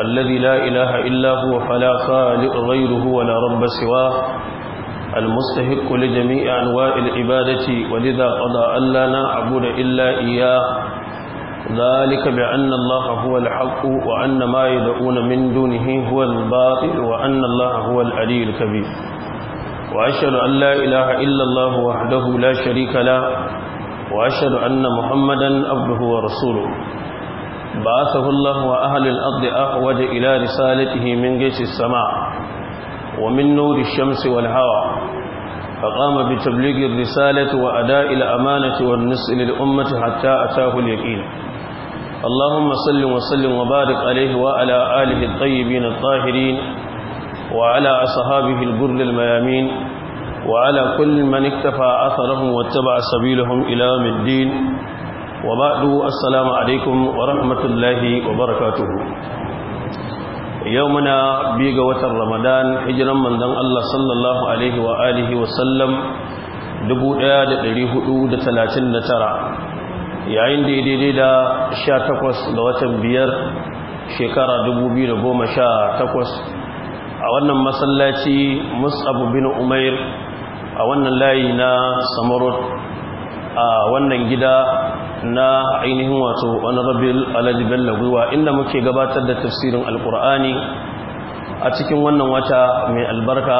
الذي لا إله إلا هو فلا خالق غيره ولا رب سواه المستحق لجميع أنواع العبادة ولذا قضى أن لا نعبد إلا إياه ذلك بأن الله هو الحق وأن ما يدعون من دونه هو الباطل وأن الله هو العلي الكبير وأشهد أن لا إله إلا الله وحده لا شريك له وأشهد أن محمدا عبده ورسوله بعثه الله وأهل الأرض أحوج إلى رسالته من جيش السماء ومن نور الشمس والهوى فقام بتبليغ الرسالة وأداء الأمانة والنصر للأمة حتى أتاه اليقين اللهم صل وسلم وبارك عليه وعلى آله الطيبين الطاهرين وعلى أصحابه البر الميامين وعلى كل من اكتفى أثرهم واتبع سبيلهم إلى من الدين وبعد السلام عليكم ورحمة الله وبركاته يومنا بيغة رمضان حجرا من دن الله صلى الله عليه وآله وسلم دبوئا لقريه أود ثلاثين نترى yayin da daidai da sha takwas ga watan biyar shekara dubu biyu da goma sha takwas a wannan masallaci musabu bin umair a wannan layi na samarot a wannan gida na ainihin wato wani alhaji bello gwiwa inda muke gabatar da tafsirin alkur'ani a cikin wannan wata mai albarka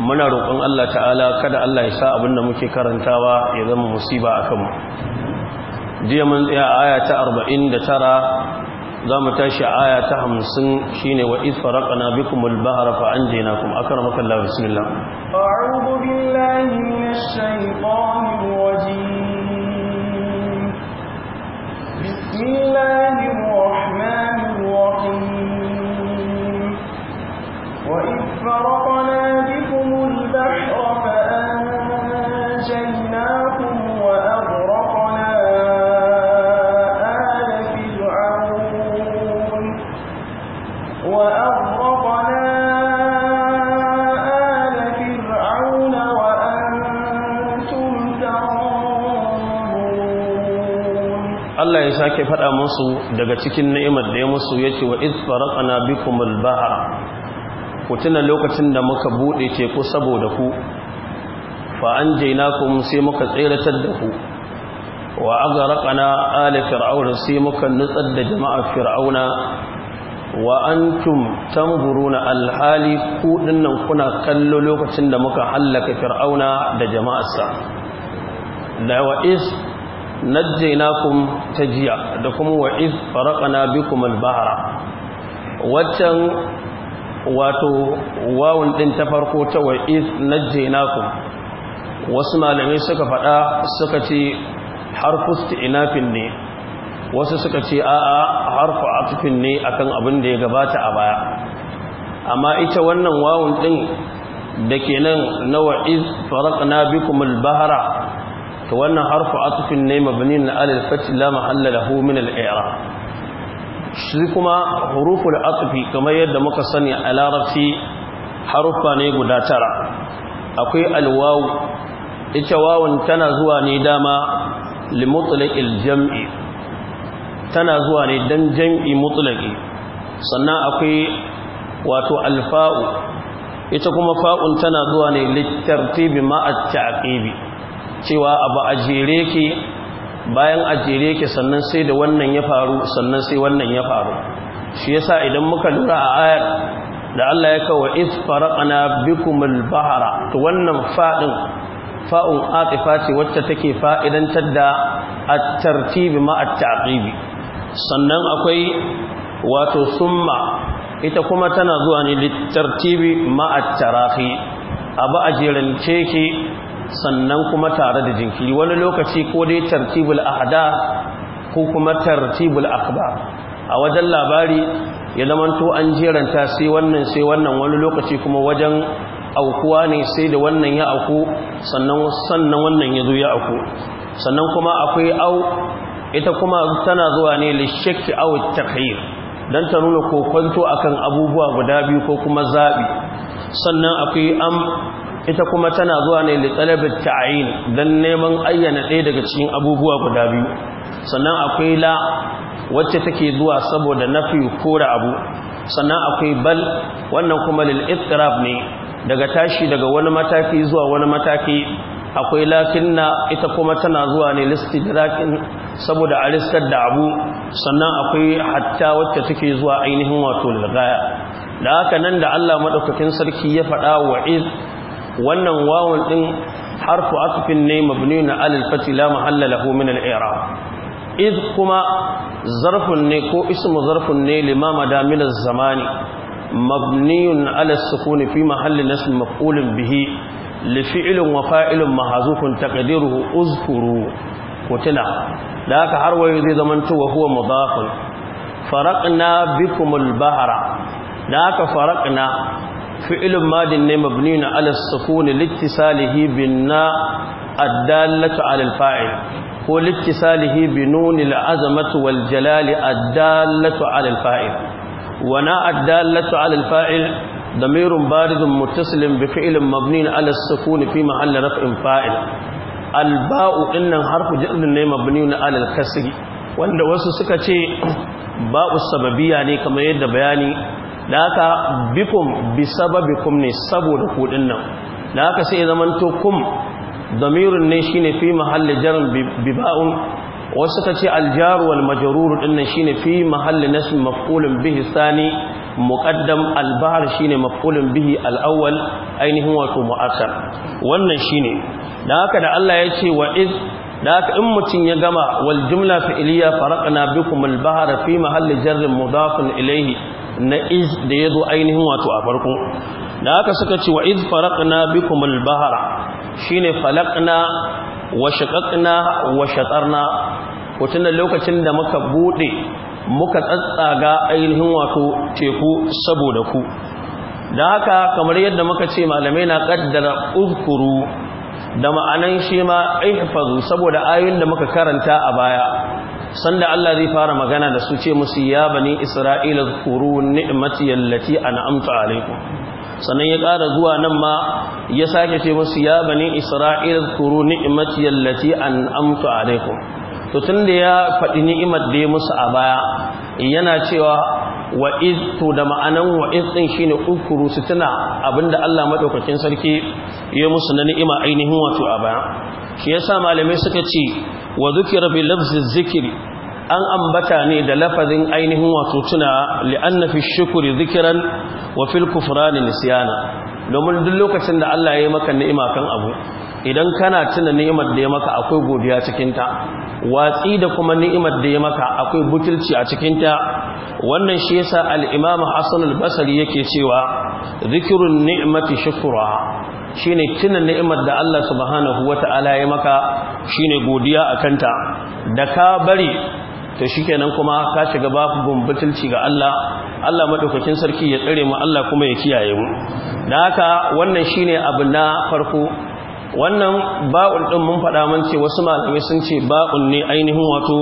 muna roƙon allah ta'ala kada allah ya sa abin da muke karantawa ya zama musiba a kanmu jiya mun tsaya aya ta 49 za mu tashi aya ta 50 shine wa iz faraqna bikum aka bahra fa anjaynakum akramakallahu bismillah a'udhu billahi minash shaitanir rajim فرق sake faɗa musu daga cikin ni'imar da ya musu yace wa iz faraqna bikumul bahra ku tuna lokacin da muka bude teku saboda ku fa anjaynakum sai muka tsiratar da ku wa aghraqna ala fir'auna sai muka nutsar da jama'ar fir'auna wa antum tanzuruna alhali ku dinnan kuna kallo lokacin da muka hallaka fir'auna da jama'arsa la wa najjainakum tajiya da kuma wa iz faraqna bikum al-bahra waccan wato wawun din ta farko ta wa iz najjainakum wasu malamai suka faɗa suka ce harfu istinafin ne wasu suka ce a'a harfu atfin ne akan abin da ya gabata a baya amma ita wannan wawun din da ke nan na wa'iz farakna bikum al-bahra to wannan harfu atufin ne mabni na alal fath la mahalla lahu min al shi kuma hurufu huruful atufi kamar yadda muka sani a larabci harufa ne guda tara akwai alwaw ita wawun tana zuwa ne dama limutlaƙil jam'i tana zuwa ne don jam'i mutlaƙi sannan akwai wato alfa'u ita kuma fa'un tana zuwa ne littartibi ma'ad ta'aƙibi cewa abu a jere ke bayan a jere ke sannan sai da wannan ya faru sannan sai wannan ya faru shi yasa idan muka lura a ayar da Allah ya kawo iz bi bikumul bahra to wannan fadin fa'un atifa ce wacce take fa'idantar da at tartibi ma at sannan akwai wato summa ita kuma tana zuwa ne tartibi ma at-tarahi abu a jerance ke. sannan kuma tare da jinkiri wani lokaci ko dai tartibul ahda ko kuma tartibul akba a wajen labari ya zamanto an jeranta sai wannan sai wannan wani lokaci kuma wajen aukuwa ne sai da wannan ya auku sannan sannan wannan ya zo ya auku sannan kuma akwai au ita kuma tana zuwa ne lishakki au takhir dan ta nuna kokonto akan abubuwa guda biyu ko kuma zabi sannan akwai am ita kuma tana zuwa ne da talabat ta'ayin don neman ayyana ɗaya daga cikin abubuwa guda biyu sannan akwai la wacce take zuwa saboda nafi kora abu sannan akwai bal wannan kuma lil ne daga tashi daga wani mataki zuwa wani mataki akwai la-fin-na ita kuma tana zuwa ne listidrakin saboda a riskar da abu sannan akwai hatta wacce take zuwa ainihin wato lilgaya da haka nan da Allah maɗaukakin sarki ya faɗa wa iz wannan wawun din harfu asfin ne mabniun ala Fati la mahalla lahu min al-i'rab id kuma zarfun ne ko ismu zarfun ne lima madamin az-zamani mabniun ala sukuni sukun fi mahalli nasb maf'ulun bihi li fi'lin wa fa'ilun mahzufun taqdiruhu uzkuru kutila da haka har waye zai zamanto wa huwa mudafun faraqna bikumul bahra da haka faraqna fi'ilun madin ne mabni na alas sukuni littisalihi bin na addallatu alal fa'il ko littisalihi bi nuni al'azamatu wal jalali addallatu alal fa'il wana addallatu alal fa'il ضمير بارد متصل بفعل مبني على السكون في محل رفع فاعل الباء ان حرف جر ne mabni ala al-kasr wanda wasu suka ce ba'u sababiyya ne kamar yadda bayani da aka bikum bi sababikum ne saboda kudin nan da aka sai zaman to kum damirun ne shine fi mahalli jarin biba'un wasu ka ce aljaru wal majrur din nan shine fi mahalli nasb maf'ulun bihi sani muqaddam albahr shine maf'ulun bihi alawwal ainihin wato mu'akkar wannan ne da aka da Allah ya ce wa iz da aka in mutum ya gama wal jumla fi'liya faraqna bikum albahar fi mahalli jarrin mudafun ilaihi. na iz da ya zo ainihin wato a farko da aka suka ce wa iz farakna bikum al-bahra shine falaqna wa shaqaqna wa shatarna ko lokacin da muka bude muka tsatsaga ainihin wato teku saboda ku da haka kamar yadda muka ce malamai na kaddara uzkuru da ma'anan shi ma ihfazu saboda ayoyin da muka karanta a baya sanda Allah zai fara magana da su ce musu ya bani isra'ila zukuru ni'mati allati an'amtu alaikum Sanan ya ƙara zuwa nan ma ya sake ce musu ya bani isra'ila zukuru ni'mati allati an'amtu alaikum to tunda ya faɗi ni'imar da ya musu a baya yana cewa wa to da ma'anan wa din shine ukuru su tuna abinda Allah madaukakin sarki ya musu na ni'ima ainihin wato a baya shi yasa malamai suka ce wa zikra bi lafzi zikri an ambata ne da lafazin ainihin wato tuna li'anna fi shukri zikran wa fil kufrani nisyana domin duk lokacin da Allah ya yi maka ni'ima kan abu idan kana tuna ni'imar da ya maka akwai godiya cikin ta watsi da kuma ni'imar da ya maka akwai butulci a cikinta wannan shi yasa al-imam Hassan al-Basri yake cewa zikrun ni'mati shukra shine tunan ni'imar da Allah subhanahu wata'ala ya maka shine godiya akan ta da ka bari to shikenan kuma ka shiga babu butulci ga Allah Allah madaukakin sarki ya tsare mu Allah kuma ya kiyaye mu dan haka wannan shine abu na farko wannan ba'un ɗin mun faɗa mun ce wasu malamai sun ce ba'un ne ainihin wato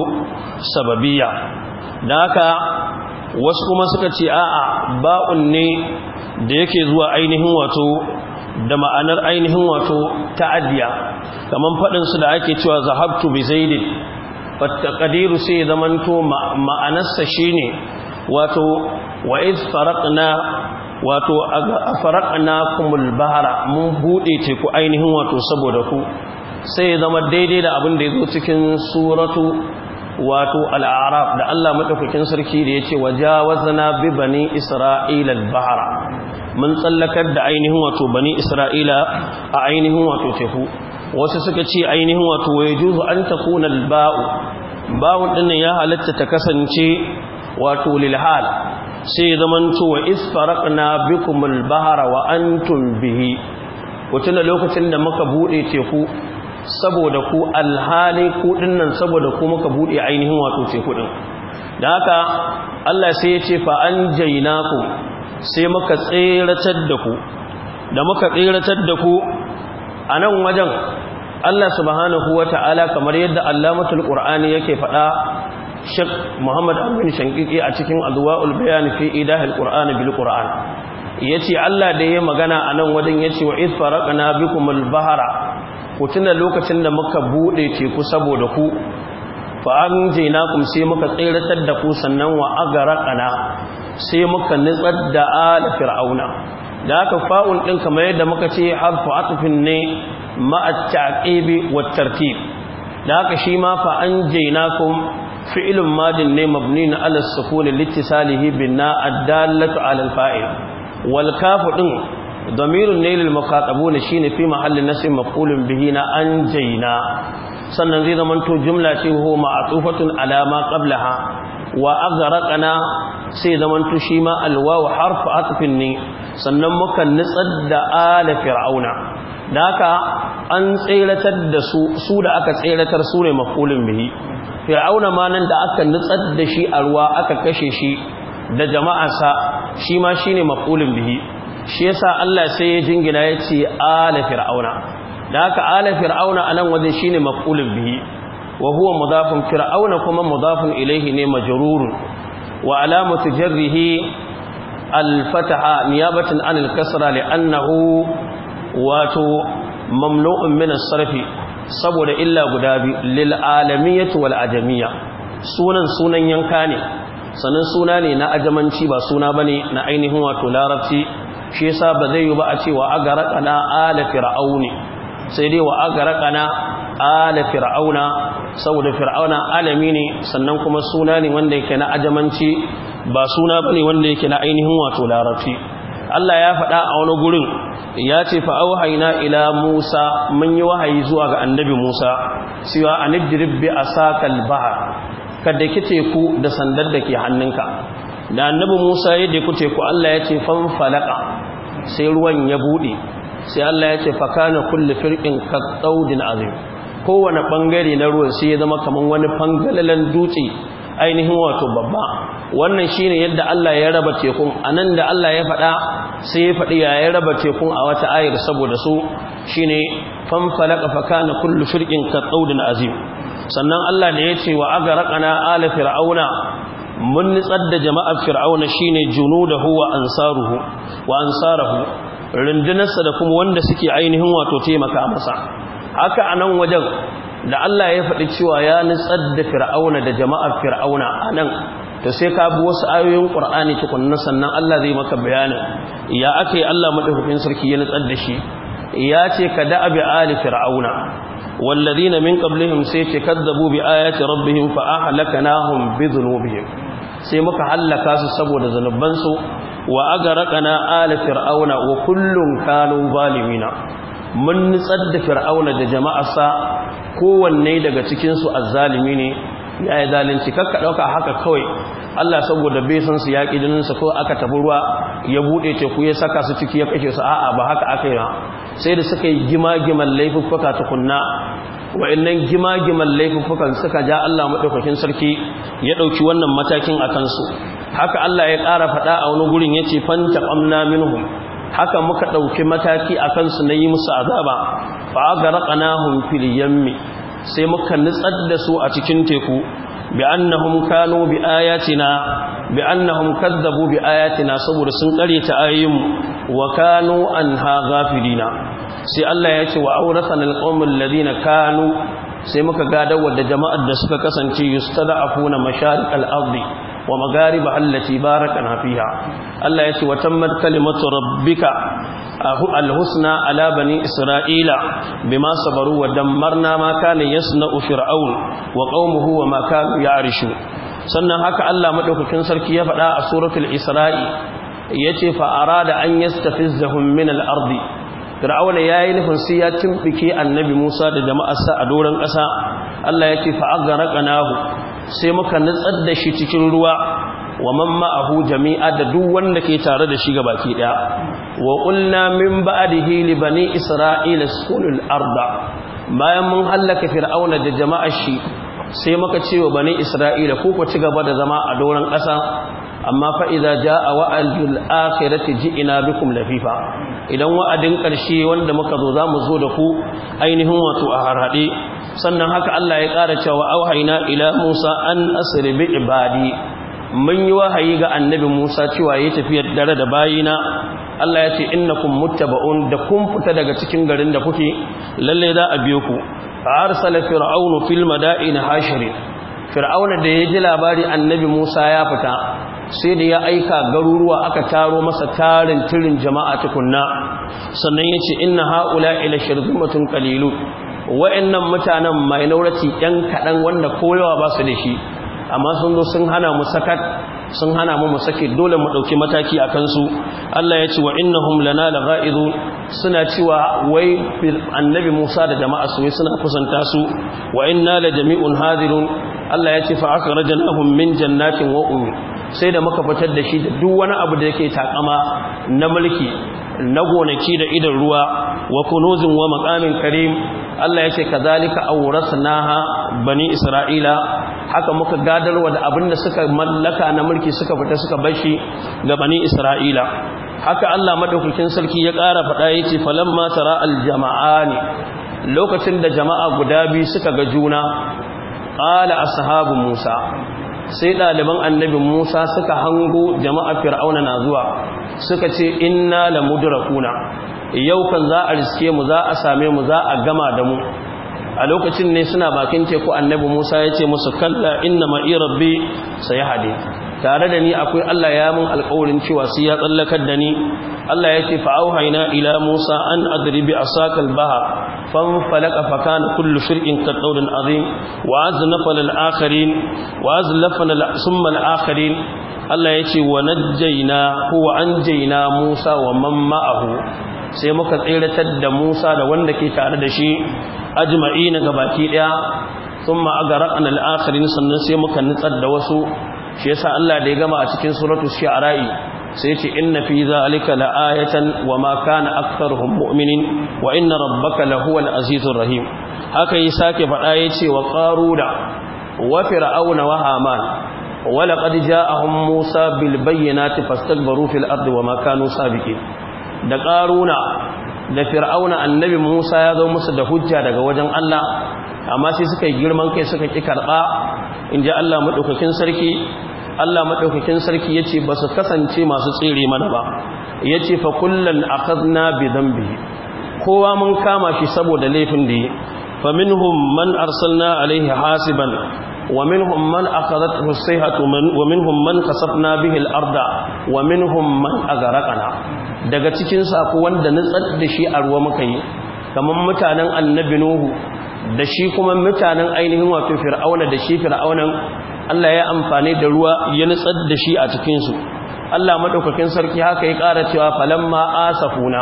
sababiyya da haka wasu kuma suka ce a'a ba'un ne da yake zuwa ainihin wato da ma'anar ainihin wato ta'addiya kamar su da ake cewa zahabtu bi zaidin fattaqdiru sai zamanto ma'anarsa shine wato wa iz faraqna wato a farakna kumul bahara mun buɗe teku ainihin wato saboda ku sai ya zama daidai da abin da ya zo cikin suratu wato al'araf da Allah madaukakin sarki da yace wajawazna bi bani isra'ila bahara mun tsallakar da ainihin wato bani isra'ila a ainihin wato teku wasu suka ce ainihin wato wajuzu an takuna al-ba'u ba'un ɗinnan ya halatta ta kasance wato lil sai zamanto wa na bikumul mulbahara wa antum bihi da lokacin da muka buɗe teku saboda ku alhali ku nan saboda ku muka buɗe ainihin wato teku ɗin. da haka Allah sai ya ce fa an ku sai muka tseratar da ku da muka tseratar da ku a nan wajen Allah subhanahu ta'ala kamar yadda allamatul ƙur'ani yake faɗa Sheikh Muhammad Amin Shankiki a cikin Adwa'ul Bayan fi Idahil Qur'an bil Qur'an yace Allah da yayi magana anan wajen yace wa iz faraqna bikumul bahara ku tuna lokacin da muka buɗe teku saboda ku fa an kum sai muka tsiratar da ku sannan wa agaraqana sai muka nitsar da al fir'auna da ka fa'un din kamar yadda muka ce harfu atfin ne ma'a ta'qibi wa tartib da ka shi ma fa an kum fi'ilun madin ne mabni na ala sukuni littisalihi bin binna addalatu ala alfa'il walkafu ɗin din damirun ne shine fi mahallin nasb maf'ulun bihi na anjayna sannan zai zama to jumla ce a ma'tufatun alama ma ha. wa aghraqna sai zama to shi ma alwaw harf atfin ne sannan muka nutsar da ala fir'auna da haka an tseratar da su da aka tseratar su ne maf'ulun bihi fir'auna ma nan da aka nutsar da shi a ruwa aka kashe shi da jama'arsa shi ma shine maqulun bihi shi yasa Allah sai ya jingina yace ala fir'auna da haka ala fir'auna a nan wajen shine maqulun bihi wa huwa fir'auna kuma mudafun ilaihi ne majarurun. wa alamatu jarrihi al-fataha niyabatan an al-kasra li'annahu wato mamnu'un min as-sarfi saboda illa guda biyu lil alamiyatu wal ajamiyya sunan sunan yanka ne sannan suna ne na ajamanci ba suna bane na ainihin wato larabci shi yasa ba zai yi ba a ce wa agarqana ala fir'auni sai dai wa agarqana ala fir'auna saboda fir'auna alami ne sannan kuma suna ne wanda yake na ajamanci ba suna bane wanda yake na ainihin wato larabci Allah ya faɗa a wani gurin ya ce fa haina ila Musa mun yi wahayi zuwa ga annabi Musa a anidrib bi asakal bahar kada ki teku da sandar da ke hannunka da annabi Musa ya deku teku Allah ya ce fan falaka sai ruwan ya buɗe sai Allah ya ce fa kana kullu firqin azim kowane ɓangare na ruwan sai ya zama kamar wani fangalalen dutse ainihin wato babba wannan shine yadda Allah ya raba tekun anan da Allah ya faɗa sai ya faɗi ya ya raba tekun a wata ayar saboda su shine fan falaka faka kana kullu shirkin ka azim sannan Allah da yace wa agraqana ala fir'auna mun nitsar da jama'ar fir'auna shine junudahu wa ansaruhu wa ansaruhu rundunarsa da kuma wanda suke ainihin wato taimaka masa haka anan wajen da Allah ya faɗi cewa ya nutsar da fir'auna da jama'ar fir'auna a nan ta sai ka bi wasu ayoyin ƙur'ani tukunna sannan Allah zai maka bayanin ya aka yi Allah maɗaukakin sarki ya nutsar da shi ya ce ka da bi ali fir'auna ce من قبلهم سيك كذبوا بآيات ربهم bi بذنوبهم sai muka hallaka su saboda su wa agarqana ala fir'auna wa kullun kanu zalimina mun nutsar da fir'auna da jama'arsa kowanne daga cikinsu azzalimi ne ya yi zalunci kakka ɗauka haka kawai Allah saboda besansu su yaƙi jininsa ko aka tafi ruwa ya buɗe teku ya saka su ciki ya kashe su a'a ba haka aka yi ba. sai da suka yi gima-giman laifuffuka tukunna wa'annan gima-giman laifuffukan suka ja Allah maɗaukakin sarki ya ɗauki wannan matakin a kansu haka Allah ya ƙara faɗa a wani gurin ya ce fanta ƙamna minhum haka muka ɗauki mataki a kansu na yi musu azaba fa ga raƙanahum fil yammi sai muka nutsar da su a cikin teku bi annahum kanu bi ayatina bi annahum kadzabu bi ayatina saboda sun kare ta ayin wa Kano an ha ghafilina sai Allah ya ce wa awrathana alqawmal ladina Kano. sai muka gadawar da jama'ar da suka kasance Afuna masharikal ardi wa magariba allati barakana fiha Allah ya ce wa tammat kalimatu rabbika alhusna ala bani isra'ila bima sabaru wa dammarna ma kana yasna'u fir'aun wa qaumuhu wa ma kanu ya'rishu sannan haka Allah madaukakin sarki ya faɗa a suratul isra'i yace fa arada an yastafizzahum min al-ardi fir'auna yayi nufin sai ya timbike annabi Musa da jama'arsa a doron ƙasa Allah yace fa aghraqnahu sai muka nutsar da shi cikin ruwa wa mamma ahu jami'a da duk wanda ke tare da shi baki daya wa qulna min ba'dihi li bani isra'ila skulul arda bayan mun hallaka fir'auna da jama'ar shi sai muka ce wa bani isra'ila ku ku ci gaba da zama a doron ƙasa amma fa idza jaa wa'dul akhirati ji'na bikum lafifa idan wa'adin ƙarshe wanda muka zo zamu zo da ku ainihin wato a harhade sannan haka Allah ya ƙara cewa auhaina ila Musa an asri bi ibadi mun yi wahayi ga annabi Musa cewa ya tafi dare da bayina Allah ya ce innakum muttaba'un da kun fita daga cikin garin da kuke lalle za a biyo ku arsala fir'aunu fil madain hashirin fir'auna da ya ji labari annabi Musa ya fita sai da ya aika garuruwa aka taro masa tarin tirin jama'a tukunna sannan ce inna haula ila shirzumatun qalilun wa'annan mutanen mai minority ɗan kaɗan wanda koyawa ba su da shi amma sun zo sun hana mu sakat sun hana mu mu sake dole mu ɗauki mataki a kansu Allah ya ce wa innahum lana laghaizun suna cewa wai annabi Musa da jama'a su suna kusanta su wa inna la jami'un hadirun Allah ya ce fa akhrajnahum min jannatin wa sai da muka fitar da shi duk wani abu da yake takama na mulki na gonaki da idan ruwa wa kunuzin wa maqamin karim Allah yace kazalika awrasnaha bani isra'ila haka muka gadarwa da abinda suka mallaka na mulki suka fita suka bashi ga bani isra'ila haka Allah madaukakin sarki ya ƙara faɗa yace falamma tara aljama'ani lokacin da jama'a guda biyu suka ga juna qala ashabu musa sai ɗaliban annabin musa suka hango jama'a fir'auna na zuwa suka ce inna mudura kuna yau kan za a riske mu za a same mu za a gama da mu a lokacin ne suna bakin teku annabi musa ya ce musu kalla inna ma’irar bi sai hade tare da ni akwai Allah ya mun alƙawarin cewa sai ya tsallakar da ni Allah ya ce fa'auhaina ila Musa an adribi asakal baha fan falaka fakan kullu shir'in kadawdin azim wa aznafal al-akhirin wa azlafal summa al Allah ya ce wa najjayna huwa anjayna Musa wa man ma'ahu sai muka tsiratar da Musa da wanda ke tare da shi ajma'ina gabaki daya thumma agarqana al-akhirin sannan sai muka nitsar da wasu shi yasa Allah da ya gama a cikin suratul shu'ara'i sai ya ce inna fi zalika la'ayatan wa ma kana aktharuhum mu'minin wa inna rabbaka lahuwal azizur rahim haka yi sake fada yace wa qaruda wa fir'auna wa haman wa laqad ja'ahum musa bil bayyinati fastakbaru fil ardi wa ma kanu sabiqin da qaruna da fir'auna annabi musa ya zo musu da hujja daga wajen Allah amma sai suka yi girman kai suka ƙi karɓa in ji Allah maɗaukakin sarki Allah maɗaukakin sarki ya ce ba su kasance masu tsere mana ba ya ce fa kullum a kazna bi zambi kowa mun kama shi saboda laifin da yi fa minhum man arsalna alaihi hasiban ومنهم wa أخذته الصيحة kasafna من خسفنا به الأرض ومنهم من أغرقنا daga cikin sako wanda na da shi a ruwa muka yi kamar mutanen annabi nuhu da shi kuma mutanen ainihin wato fir'auna da shi fir'aunan Allah ya amfani da ruwa ya nutsar da shi a cikin su Allah madaukakin sarki haka ya kara cewa falamma asafuna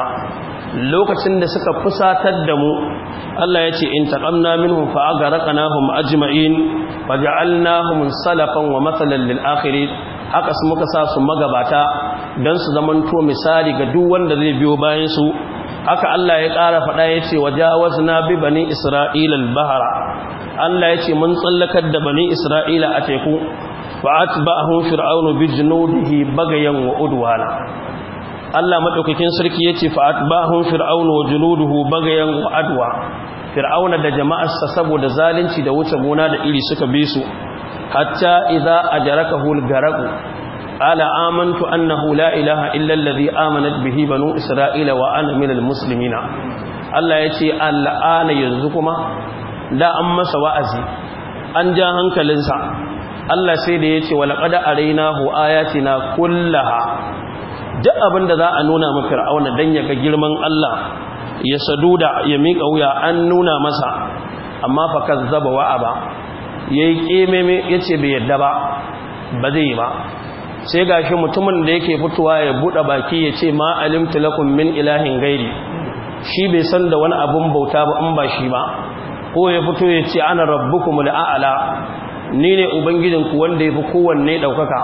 lokacin da suka fusatar da mu Allah ya ce in taqamna minhum fa aghraqnahum ajma'in ja'alnahum salafan wa mathalan lil akhirin haka su muka sa su magabata dan su zamanto misali ga duk wanda zai biyo bayan su haka Allah ya ƙara faɗa ya ce na bi bani isra'ila al Allah ya ce mun tsallakar da bani isra'ila a teku a hun fir'aunu bi junudihi bagayen wa udwana Allah maɗaukakin sarki ya ce fa hun fir'aunu wa junuduhu bagayen wa adwa fir'auna da jama'arsa saboda zalunci da wuce gona da iri suka bi su hatta idza ajarakahu al qala amantu annahu la ilaha illa alladhi amanat bihi banu isra'ila wa ana minal muslimina Allah yace al'ana yanzu kuma da an masa wa'azi an ja hankalinsa Allah sai da yace wa laqad araynahu na kullaha duk abinda za a nuna ma fir'auna dan ya ga girman Allah ya saduda ya mika wuya an nuna masa amma fa kazzaba wa'aba yayi kememe yace bai yadda ba ba zai ba sai ga shi mutumin da yake fitowa ya bude baki ya ce ma alimtu min ilahin gairi shi bai san da wani abin bauta ba in ba shi ba ko ya fito ya ce ana rabu da a'la ni ne ubangijinku wanda ya fi kowanne ɗaukaka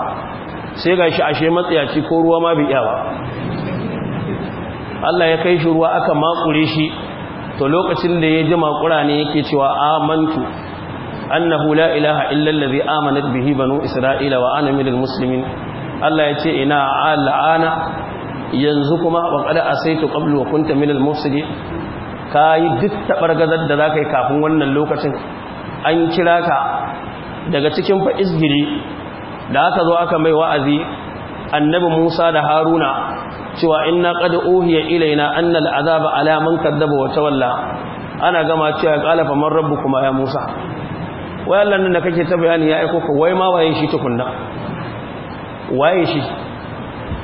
sai gashi ashe matsayaci ko ruwa ma bai yawa Allah ya kai shi ruwa aka makure shi to lokacin da ya ji makura ne yake cewa amantu annahu la ilaha illa allazi amanat bihi banu isra'ila wa ana minal muslimin Allah ya ce ina al'ana yanzu kuma wa qad asaitu qablu wa kunta min al-mufsidin kai duk tabargazar da zakai kafin wannan lokacin an kira ka daga cikin fa'izgiri. da aka zo aka mai wa'azi annabi Musa da Haruna cewa inna qad uhiya ilaina anna al'azaba ala man kadzaba wa tawalla ana gama cewa qala fa man rabbukuma ya Musa wai Allah nan da kake ta bayani ya aiko ka wai ma waye shi tukunna waye shi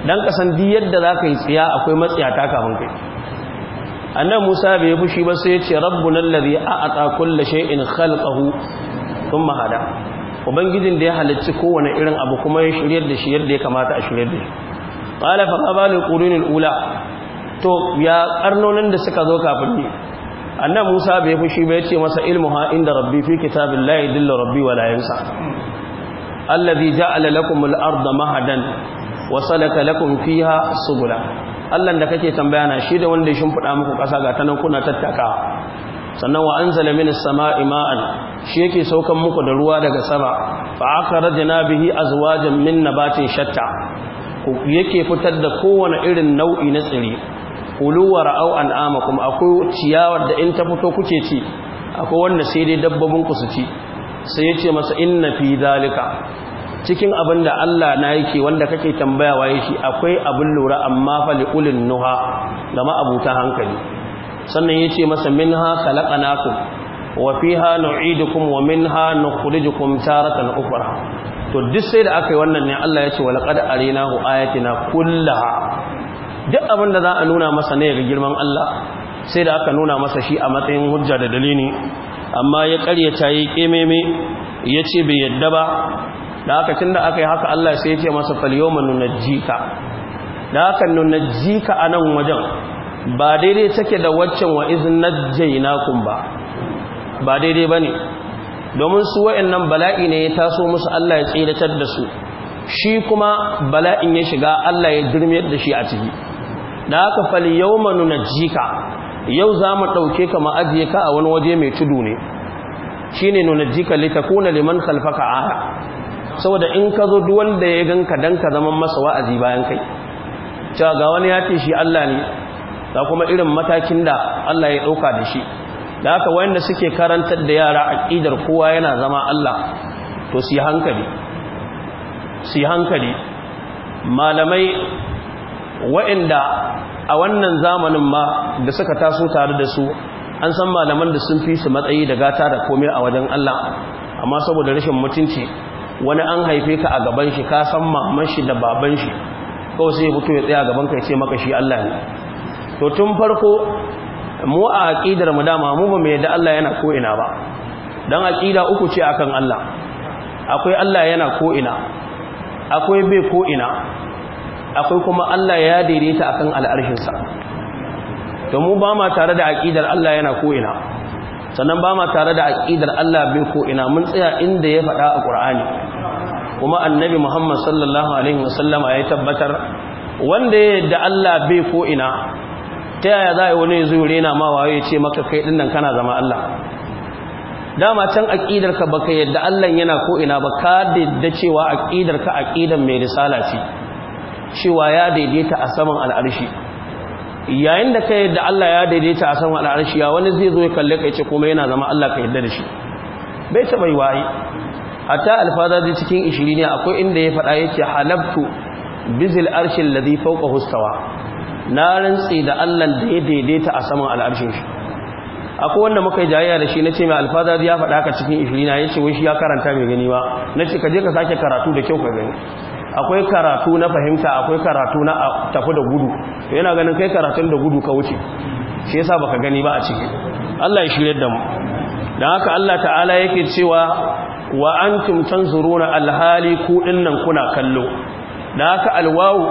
dan kasan di yadda zaka yi tsiya akwai matsiyata kafin kai annabi Musa bai fushi ba sai ya ce rabbuna allazi a'ata kulli shay'in khalqahu thumma hada ubangijin da ya halicci kowane irin abu kuma ya shiryar da shi yadda ya kamata a shiryar da shi qala fa qabalul qurunil ula to ya karnonin da suka zo kafin ni annabi Musa bai fushi ba ya ce masa ha inda rabbi fi kitabillahi dilla rabbi wala yansa allazi ja'ala lakumul arda mahadan wa salaka lakum fiha subula Allah da kake tambaya na shi da wanda ya shimfida muku ƙasa ga tanan kuna tattaka sannan wa anzala minas sama'i ma'an shi yake saukan muku da ruwa daga sama fa akhrajna bihi azwajan min nabatin shatta yake fitar da kowane irin nau'i na tsiri kulu wa ra'au an'amakum akwai ciyawar da in ta fito kuke ci akwai wanda sai dai dabbobin ku su ci sai ya ce masa inna fi zalika cikin abin da Allah na yake wanda kake tambaya waye shi akwai abin lura amma fa ulin nuha ga ma'abuta hankali sannan yace masa minha khalaqnakum wa fiha nu'idukum wa minha nukhrijukum taratan ukhra to duk sai da akai wannan ne Allah yace wa laqad arinahu ayatina kullaha duk abin da za a nuna masa ne ga girman Allah sai da aka nuna masa shi a matsayin hujja da dalili amma ya karyata yi kememe ya ce bai yadda ba da aka tun da aka yi haka Allah sai ya ce masa falyoma jika. da nuna jika a nan wajen ba daidai take da waccan wa izin na kun ba ba daidai ba ne domin su wayannan, bala'i ne ya taso musu Allah ya tsiratar da su shi kuma bala'in ya shiga Allah ya durmiyar da shi a ciki da haka falyoma jika. yau za mu ɗauke ka ma ajiye ka a wani waje mai tudu ne shi ne nuna jika litakuna liman khalfaka aya saboda in ka zo duwanda ya ganka dan ka zama masa wa'azi bayan kai cewa ga wani ya ce shi Allah ne da kuma irin matakin da Allah ya ɗauka da shi da haka wayanda suke karantar da yara aƙidar kowa yana zama Allah to su hankali si hankali malamai wayanda a wannan zamanin ma da suka taso tare da su an san malaman da sun fi su matsayi da gata da komai a wajen Allah amma saboda rashin mutunci wani an haife ka a gaban shi ka san maman shi da baban shi kawai sai fito ya tsaya gaban ka ya ce maka shi Allah ne to tun farko mu a aqidar mu dama mu ba mu yadda Allah yana ko ina ba dan aqida uku ce akan Allah akwai Allah yana ko ina akwai bai ko ina akwai kuma Allah ya daidaita akan al'arshinsa to mu ba ma tare da aqidar Allah yana ko ina sannan ba ma tare da aqidar Allah bai ko ina mun tsaya inda ya faɗa a Qur'ani kuma annabi Muhammad sallallahu alaihi wasallam ya tabbatar wanda ya yadda Allah bai ko ina ta yaya za a yi wani zuwa rena ma waye ya ce maka kai ɗin nan kana zama Allah dama can aqidar ka baka yadda Allah yana ko ina ba ka da cewa aqidar ka mai risala ce cewa ya daidaita a saman al'arshi yayin da ka yadda Allah ya daidaita a saman al'arshi ya wani zai zo ya kalle ka ce kuma yana zama Allah ka yadda da shi bai taɓa yi waye a ta alfada da cikin ishiri ne akwai inda ya faɗa yake halabtu bizil arshin zai fauka hustawa na rantsi da Allah da ya daidaita a saman al'arshin shi akwai wanda muka yi jayayya da shi na ce mai alfazar ya faɗa ka cikin na ya ce wai shi ya karanta mai gani ba na ce ka je ka sake karatu da kyau ka gani akwai karatu na fahimta akwai karatu na tafi da gudu yana ganin kai karatun da gudu ka wuce shi yasa baka gani ba a ciki Allah ya shirye da mu dan haka Allah ta'ala yake cewa wa antum tanzuruna alhali ku dinnan kuna kallo dan haka alwawu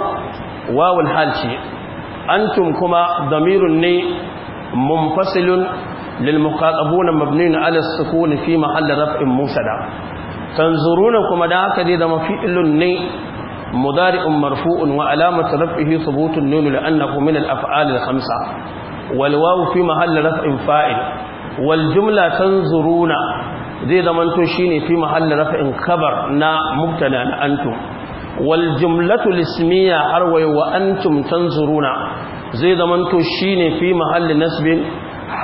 wawul hal ce antum kuma damirun ne munfasilun lil muqatabuna mabniun ala sukun fi mahall raf'in musada tanzuruna kuma da haka dai da mafi'ilun ne مضارع مرفوع وعلامة رفعه ثبوت النون لأنه من الأفعال الخمسة والواو في محل رفع فاعل والجملة تنظرون زي من شيني في محل رفع خبر نا مبتدا أنتم والجملة الاسمية أروي وأنتم تنظرون زي من شيني في محل نسب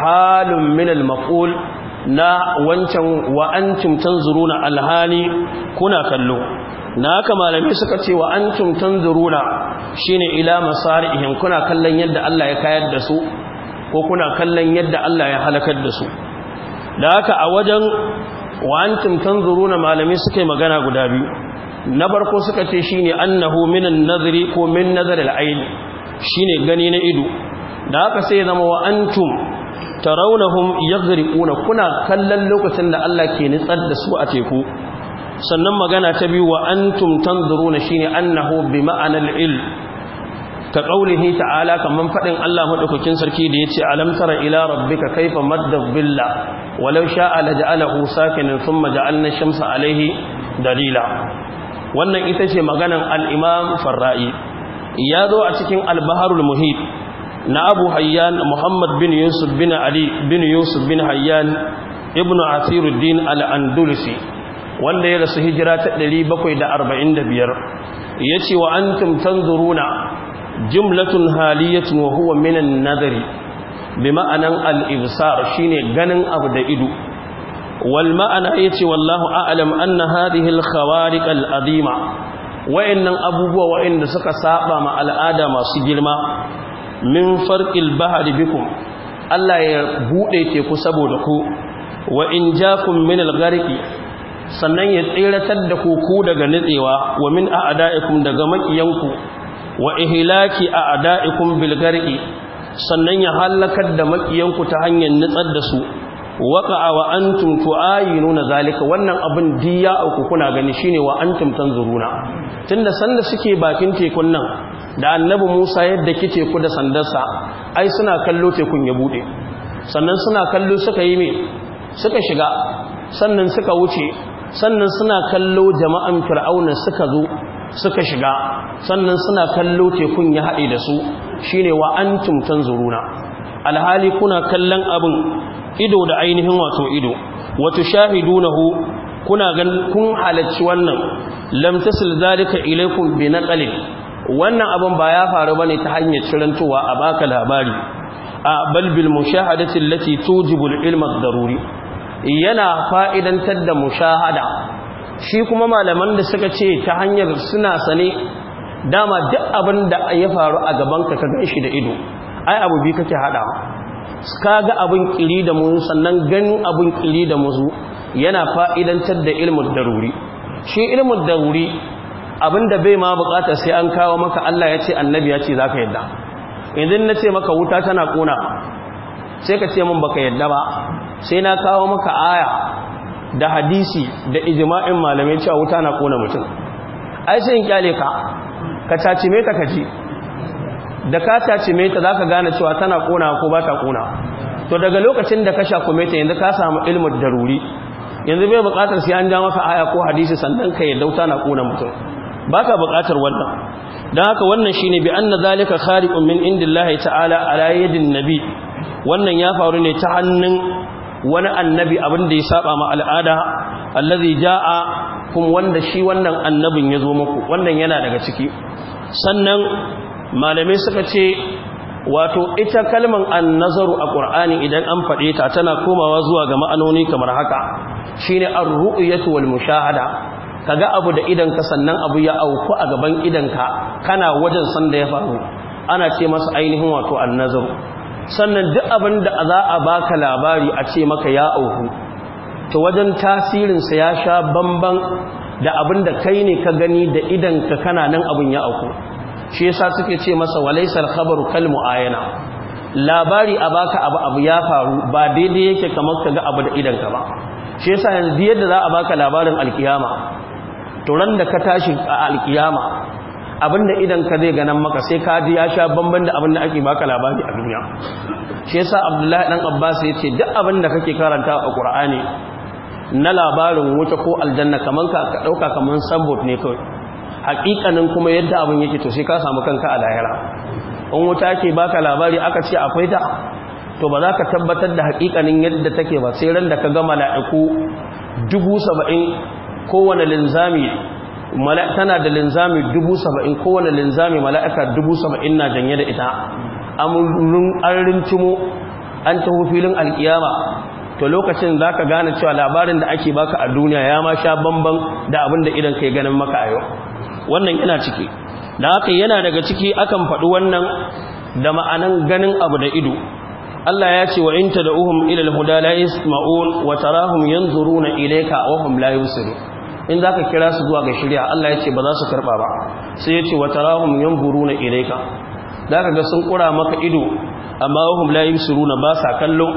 حال من المفعول نا وانتم وأنتم تنظرون الهاني كنا كلو na haka malami suka ce wa zuruna shi ne ila masarihim kuna kallon yadda Allah ya kayar da su ko kuna kallon yadda Allah ya halakar da su da haka a wajen wa tuntun tanzuruna malamai suka yi magana guda biyu na barko suka ce shi ne annahu minan nazri ko min nazar al shi ne gani na ido da haka sai zama wa antum tarawnahum riƙuna, kuna kallon lokacin da Allah ke nitsar da su a teku sannan magana ta biyu wa antum tanzuruna shine annahu bi ma'anal ilm ka qaulihi ta'ala kaman fadin Allah madaukakin sarki da yace alam tara ila rabbika kayfa madda billa walau sha'a laj'alahu sakinan thumma ja'alna shamsa alayhi dalila wannan ita ce maganan al-imam farra'i ya zo a cikin al-baharul muhit na abu hayyan muhammad bin yusuf bin ali bin yusuf bin hayyan ibnu asiruddin al-andalusi wanda ya rasu hijira ta 745 ce wa antum tanzuruna jumlatun haliyatun wa huwa minan nazari. bi ma'anan al-ibsar shine ganin abu da ido wal ma'ana yace wallahu a'lam anna hadhihi al-khawariq al-azima wayannan abubuwa wayanda suka saba ma al'ada masu girma min farqil bahri bikum Allah ya bude teku saboda ku wa in jakum min al sannan ya tseratar da kuku daga nitsewa wa min adaikun daga makiyanku wa ihlaki a'da'ikum bil garqi sannan ya halakar da makiyanku ta hanyar nitsar da su waqa'a wa antum tu'ayinuna zalika wannan abin diya a kukuna gani shine wa antum tanzuruna tunda sanda suke bakin tekun nan da annabi Musa yadda kike ku da sandarsa ai suna kallo tekun ya bude sannan suna kallo suka yi me suka shiga sannan suka wuce sannan suna kallo jama'an fir'auna suka zo suka shiga sannan suna kallo tekun ya haɗe da su shine wa antum tanzuruna alhali kuna kallon abin ido da ainihin wato ido wato tushahidunahu kuna gan kun halacci wannan lam tasil zalika ilaykum bi naqalin wannan abin ba ya faru bane ta hanyar cirantowa a baka labari a bal bil mushahadati allati tujibu al ilma ad-daruri yana fa'idantar da mushahada shi kuma malaman da suka ce ta hanyar suna sane dama duk abin da ya faru a gaban ka gan shi da ido ai abu bi kake hada ka ga abin kiri da mu sannan ganin abin kiri da mu yana fa'idantar da ilmin daruri shi ilmin daruri abin da bai ma bukata sai an kawo maka Allah ya ce annabi ya ce za ka yadda idan na ce maka wuta tana kona sai ka ce min baka yadda ba sai na kawo maka aya da hadisi da ijma'in malamai cewa wuta na kona mutum ai sai in kyale ka ka cacime ta kaji da ka cacime ta zaka gane cewa tana kona ko ba ta kona to daga lokacin da ka sha ta yanzu ka samu ilmin daruri yanzu bai bukatar sai an ja masa aya ko hadisi sannan ka yadda wuta na kona mutum ba ka bukatar wannan don haka wannan shine bi anna zalika khariqun min indillahi ta'ala ala yadin nabi wannan ya faru ne ta hannun wani annabi abin da ya saba ma al'ada allazi jaa kuma wanda shi wannan annabin ya zo muku wannan yana daga ciki sannan malamai suka ce wato ita kalman annazaru a ƙur'ani idan an faɗe ta tana komawa zuwa ga ma'anoni kamar haka shine ar-ru'yatu wal mushahada kaga abu da idanka sannan abu ya auku a gaban idanka kana wajen sanda ya faru ana ce masa ainihin wato annazaru sannan duk abin da za a baka labari a ce maka ya auku ta wajen tasirinsa ya sha bamban da abin da kai ne ka gani da idan ka kana nan abin ya auku shi yasa suke ce masa walaisar khabaru kal muayana labari a baka abu abu ya faru ba daidai yake kamar ka ga abu da idan ka ba shi yasa yanzu yadda za a baka labarin alkiyama to ran da ka tashi a alkiyama abinda idan ka zai ganan maka sai ka ji ya sha bamban da abinda ake baka labari a duniya shi yasa abdullahi dan abbas ya ce duk abinda kake karanta a qur'ani na labarin wuta ko aljanna kaman ka ka dauka kaman sabbot ne kai. hakikanin kuma yadda abin yake to sai ka samu kanka a lahira in wuta ke baka labari aka ce akwai ta to ba za ka tabbatar da hakikanin yadda take ba sai ran da ka ga mala'iku dubu saba'in kowane linzami tana da linzami dubu saba'in kowane linzami mala'aka dubu saba'in na janye da ita an rincimo an taho filin alkiyama to lokacin za ka gane cewa labarin da ake baka a duniya ya ma sha bambam da abin da idan kai ganin maka a yau wannan yana ciki da haka yana daga ciki akan faɗi wannan da ma'anan ganin abu da ido Allah ya ce wa da uhum ila al-huda la yasma'un wa tarahum yanzuruna ilayka wa hum la yubsirun in za ka kira su zuwa ga shirya Allah ya ce ba za su karɓa ba sai ya ce wata rahun yan buru na ilaika za ka ga sun maka ido amma wahum layin suru na ba sa kallo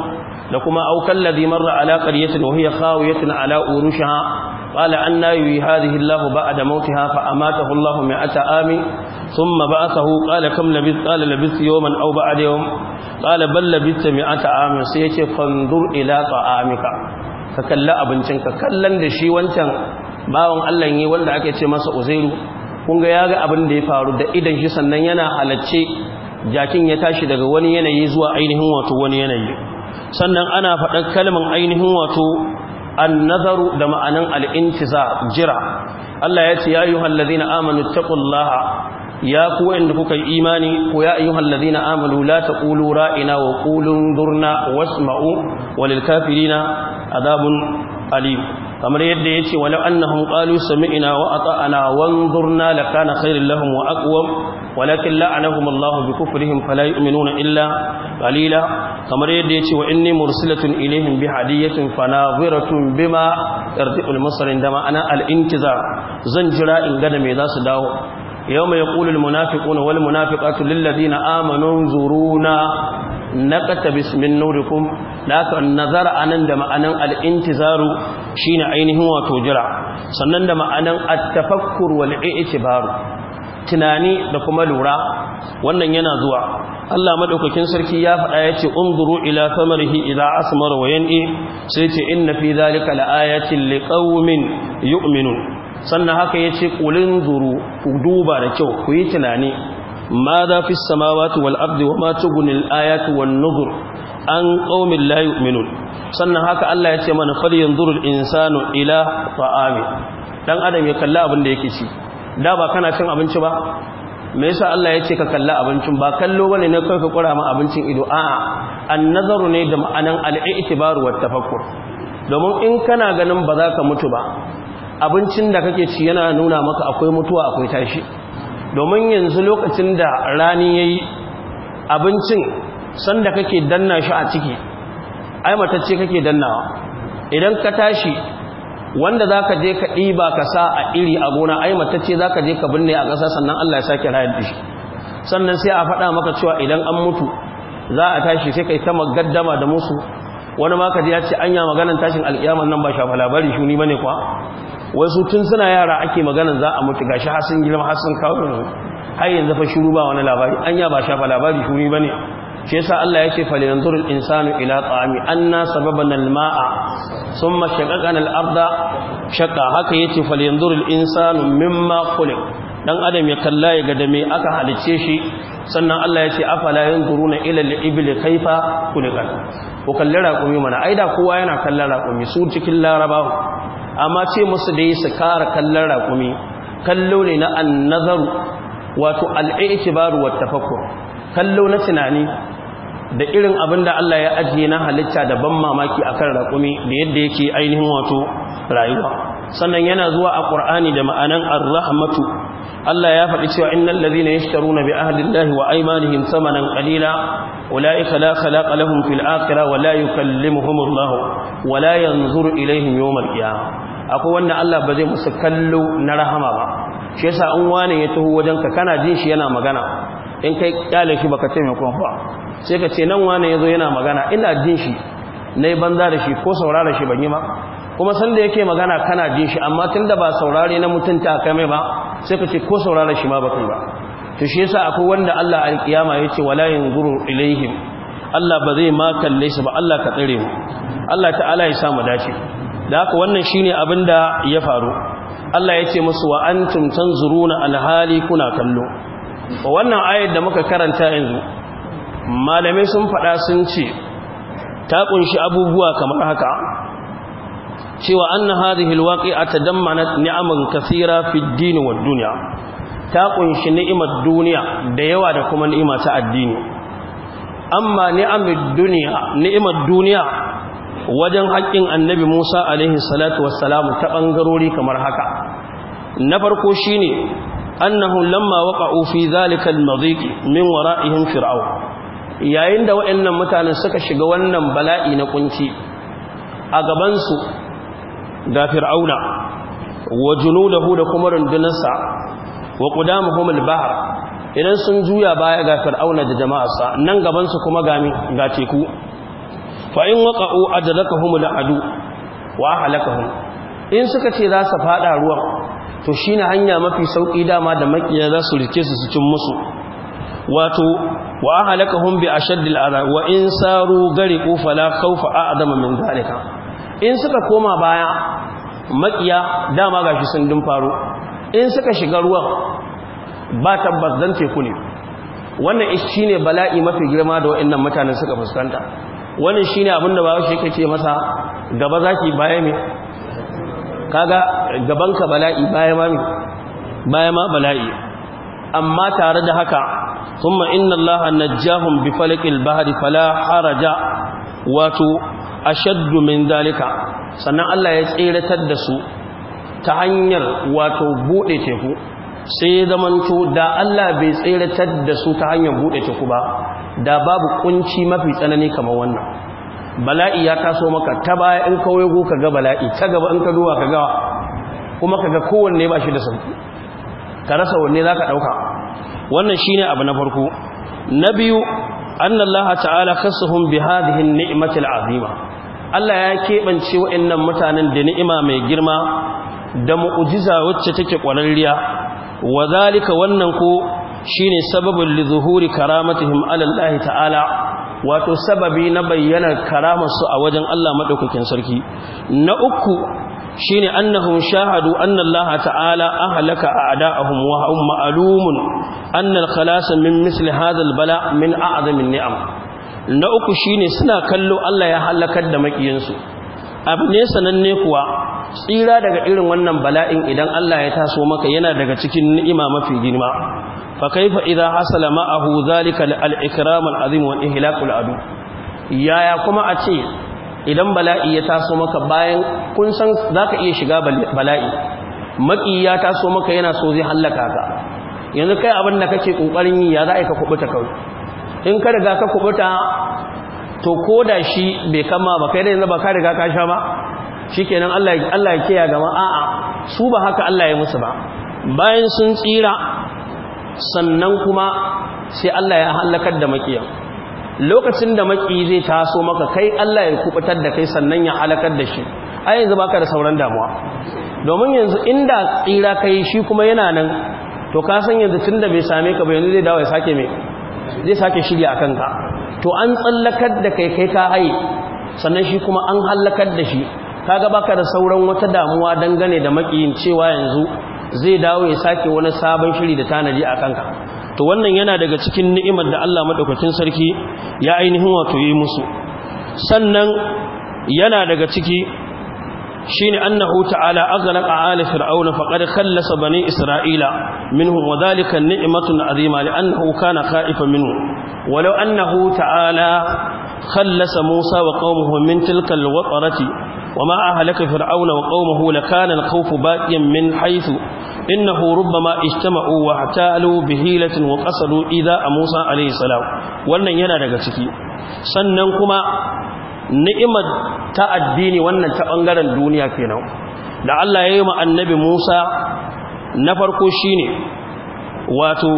da kuma aukan ladhi marra ala qaryatin wa hiya an ala urushaha qala anna yuhyi hadhihi Allahu ba'da mautiha fa amatahu Allahu mi'ata amin thumma ba'athahu qala kam labith qala labith yawman aw ba'da ban qala bal mai ata amin sai yace fanzur ila Amika ka kalla abincinka kallan da shi wancan bawan Allah ne wanda aka ce masa uzairu kun ga yaga abin da ya faru da idan shi sannan yana halacce jakin ya tashi daga wani yanayi zuwa ainihin wato wani yanayi sannan ana faɗar kalman ainihin wato annazaru da ma'anan al'intiza jira Allah ya ce ya ayyuhal ladina amanu taqullaha ya ku inda kuka yi imani ko ya ayyuhal ladina amanu la taqulu ra'ina wa qulu durna wasma'u walil kafirina adabun alim kamar yadda ya ce walau annahum qalu ina wa ata'na wanzurna lakana khairul lahum wa aqwam walakin la'anahum Allah bi kufrihim fala yu'minuna illa ƙalila kamar yadda ya ce wa inni mursilatun ilaihim bi hadiyatin fanaziratun bima irtiqul musrin dama ana al zan jira in gada mai me za su dawo yawma yaqulu al-munafiquna wal munafiqatu lil amanu zuruna naqata bismin nurikum laka nazara anan da ma'anan al-intizaru shine ainihin wato jira sannan da ma'anan at-tafakkur wal i'tibaru tunani da kuma lura wannan yana zuwa Allah madaukakin sarki ya faɗa yace unzuru ila samarihi idza asmar wa yan'i sai yace inna fi zalika laayatin liqaumin yu'minun sannan haka yace qulin zuru ku duba da kyau ku yi tunani ماذا في السماوات والأرض وما تغني الآيات والنذر عن قوم لا يؤمنون sannan haka Allah ya ce mana fal yanzuru al-insanu ila ta'ami dan adam ya kalla abin da yake ci da ba kana cin abinci ba me yasa Allah ya ce ka kalla abincin ba kallo bane ne kai ka kura ma abincin ido a'a an-nazaru ne da ma'anan al-i'tibar wa tafakkur domin in kana ganin ba za ka mutu ba abincin da kake ci yana nuna maka akwai mutuwa akwai tashi domin yanzu lokacin da rani ya yi abincin sanda kake danna shi a ciki ai matacce kake dannawa idan ka tashi wanda za ka je ka ɗiba ka sa a iri a gona ai matacce za ka je ka binne a ƙasa sannan allah ya sake rayar da shi sannan sai a faɗa maka cewa idan an mutu za a tashi sai kai ta magaddama da musu wani maka ji ya ce anya maganan tashin alƙiyamar nan ba shafa labari shuni ba ne kwa wasu tun suna yara ake magana za a mutu ga har hasin girma hasin sun kawo har yanzu fa shiru ba wani labari an ya ba shafa labari shuri bane shi yasa Allah yake fal yanzurul insanu ila ta'ami anna sababan alma'a thumma shaqaqana al-arda shaqa haka yace fal yanzurul insanu mimma khuliq dan adam ya kalla ya ga da me aka halice shi sannan Allah yace afala yanzuruna ila al-ibli kaifa khuliqat ko kallara kuma mana aida kowa yana kallara kuma su cikin larabawa amma ce musu da yi su kara kallon raƙumi kallo ne na an nazaru wato al'itibaru wa tafakkur kallo na tunani da irin abin da Allah ya ajiye na halitta da ban mamaki a kan raƙumi da yadda yake ainihin wato rayuwa sannan yana zuwa a ƙur'ani da ma'anan ar Allah ya faɗi cewa innal ladhina yashtaruna bi ahdillahi wa aymanihim thamanan qalila ulaika la khalaqa lahum fil akhirah wa la yukallimuhumullah wa la yanzuru ilayhim yawmal qiyamah akwai wanda Allah ba zai musu kallo na rahama ba shi yasa an wane ya taho wajenka kana jin shi yana magana in kai kyale shi baka ce mai kuma ba sai ka ce nan wane yazo yana magana ina jin shi nayi banza da shi ko saurara shi ban yi ma kuma sanda yake magana kana jin shi amma tunda ba saurare na mutunta kai mai ba sai ka ce ko saurare shi ma ba to shi yasa akwai wanda Allah alkiyama yace wala yanzuru ilaihim Allah ba zai ma kalle su ba Allah ka tsare mu Allah ta'ala ya sa mu dace da haka wannan shine abin da ya faru Allah yace musu wa antum tanzuruna alhali kuna kallo wannan ayar da muka karanta yanzu malamai sun faɗa sun ce ta kunshi abubuwa kamar haka cewa anna hadhihi alwaqi'ata dammanat ni'aman kaseera fi ad-din wa dunya ta kunshi ni'imar duniya da yawa da kuma ni'ima ta addini amma ni'amid dunya ni'imar duniya wajen haƙƙin annabi Musa alaihi salatu wassalamu ta bangarori kamar haka na farko shine annahu lamma waqa'u fi zalika al-madhiq min wara'ihim fir'aun yayin da waɗannan mutanen suka shiga wannan bala'i na kunci a gabansu ga fir'auna wa junudahu da kuma rundunarsa wa qudamuhum al-bahr idan sun juya baya ga fir'auna da jama'arsa nan gaban su kuma gami ga teku fa in waqa'u adrakahum al-adu wa halakahum in suka ce za su fada ruwan to shine hanya mafi sauki dama da makiya za su rike su su cin musu wato wa halakahum bi ashaddil adab wa in saru gariqu fala khawfa a'dama min dhalika in suka koma baya makiya dama gashi sun dun faru in suka shiga ruwa ba tabbas dan teku ne wannan shi ne bala'i mafi girma da waɗannan mutanen suka fuskanta wannan shine ne abinda ba shi ce masa gaba za ki baya mai kaga gabanka bala'i baya ma mai baya ma bala'i amma tare da haka sun ma'inna allaha na jahun falqil bahri fala haraja wato ashaddu min zalika sannan Allah ya tseratar da su ta hanyar wato bude teku sai ya zamanto da Allah bai tseratar da su ta hanyar bude teku ba da babu kunci mafi tsanani kamar wannan bala'i ya taso maka ta baya in kawai go kaga bala'i ta gaba in ka duwa kaga kuma kaga kowanne ba shi da sauki ka rasa wanne zaka dauka wannan shine abu na farko na biyu anna Allah ta'ala khassahum bi hadhihi an-ni'mati al-'azima Allah ya keɓance waɗannan mutanen da ni'ima mai girma da mu'ujiza wacce take ƙwararriya wa zalika wannan ko shine sababin li zuhuri karamatihim ta'ala wato sababi na bayyana karamarsu a wajen Allah madaukakin sarki na uku ne annahun shahadu annallaha ta'ala ahlaka a'da'ahum wa hum ma'lumun anna annal khalas min misli hadal bala min a'zami niam na uku shine suna kallo Allah ya halakar da makiyansu abu ne sananne kuwa tsira daga irin wannan bala'in idan Allah ya taso maka yana daga cikin ni'ima mafi girma fa kaifa idza hasala ma'ahu zalika al-ikram al-azim wa ihlak al-adu yaya kuma a ce idan bala'i ya taso maka bayan kun san zaka iya shiga bala'i maki ya taso maka yana so zai halaka ka yanzu kai abin da kake kokarin yi ya za ka kubuta kawai in ka riga ka kubuta to ko da shi bai kama ba kai da yanzu ba ka riga ka sha ba shikenan Allah Allah ya kiya gama a'a su ba haka Allah ya musu ba bayan sun tsira sannan kuma sai Allah ya halakar da makiya lokacin da maki zai taso maka kai Allah ya kubutar da kai sannan ya halakar da shi ai yanzu baka da sauran damuwa domin yanzu inda tsira kai shi kuma yana nan to ka san yanzu tunda bai same ka ba yanzu zai dawo ya sake mai zai sake shirya akan ka to an tsallakar da kai kai ka haye sannan shi kuma an hallakar da shi ka kaga baka da sauran wata damuwa dangane da makiyin cewa yanzu zai dawo ya sake wani sabon shiri da tanaji akan ka to wannan yana daga cikin ni'imar da Allah madaukakin sarki ya ainihin wato yi musu sannan yana daga ciki shine annahu ta'ala azlaqa ala fir'auna faqad khallasa bani isra'ila minhu wa dhalika ni'matun 'azima li'annahu kana khaifan minhu wa law annahu musa wa qaumahu min tilka al-watarati wa ma fir'auna wa qaumahu lakana al-khawfu baqiyan min haythu innahu rubbama ijtama'u wa ta'alu bi hilatin wa qasadu idha musa alayhi salam wannan yana daga ciki sannan kuma ni'imar ta addini wannan ta ɓangaren duniya kenan da Allah ya yi ma annabi Musa na farko shine wato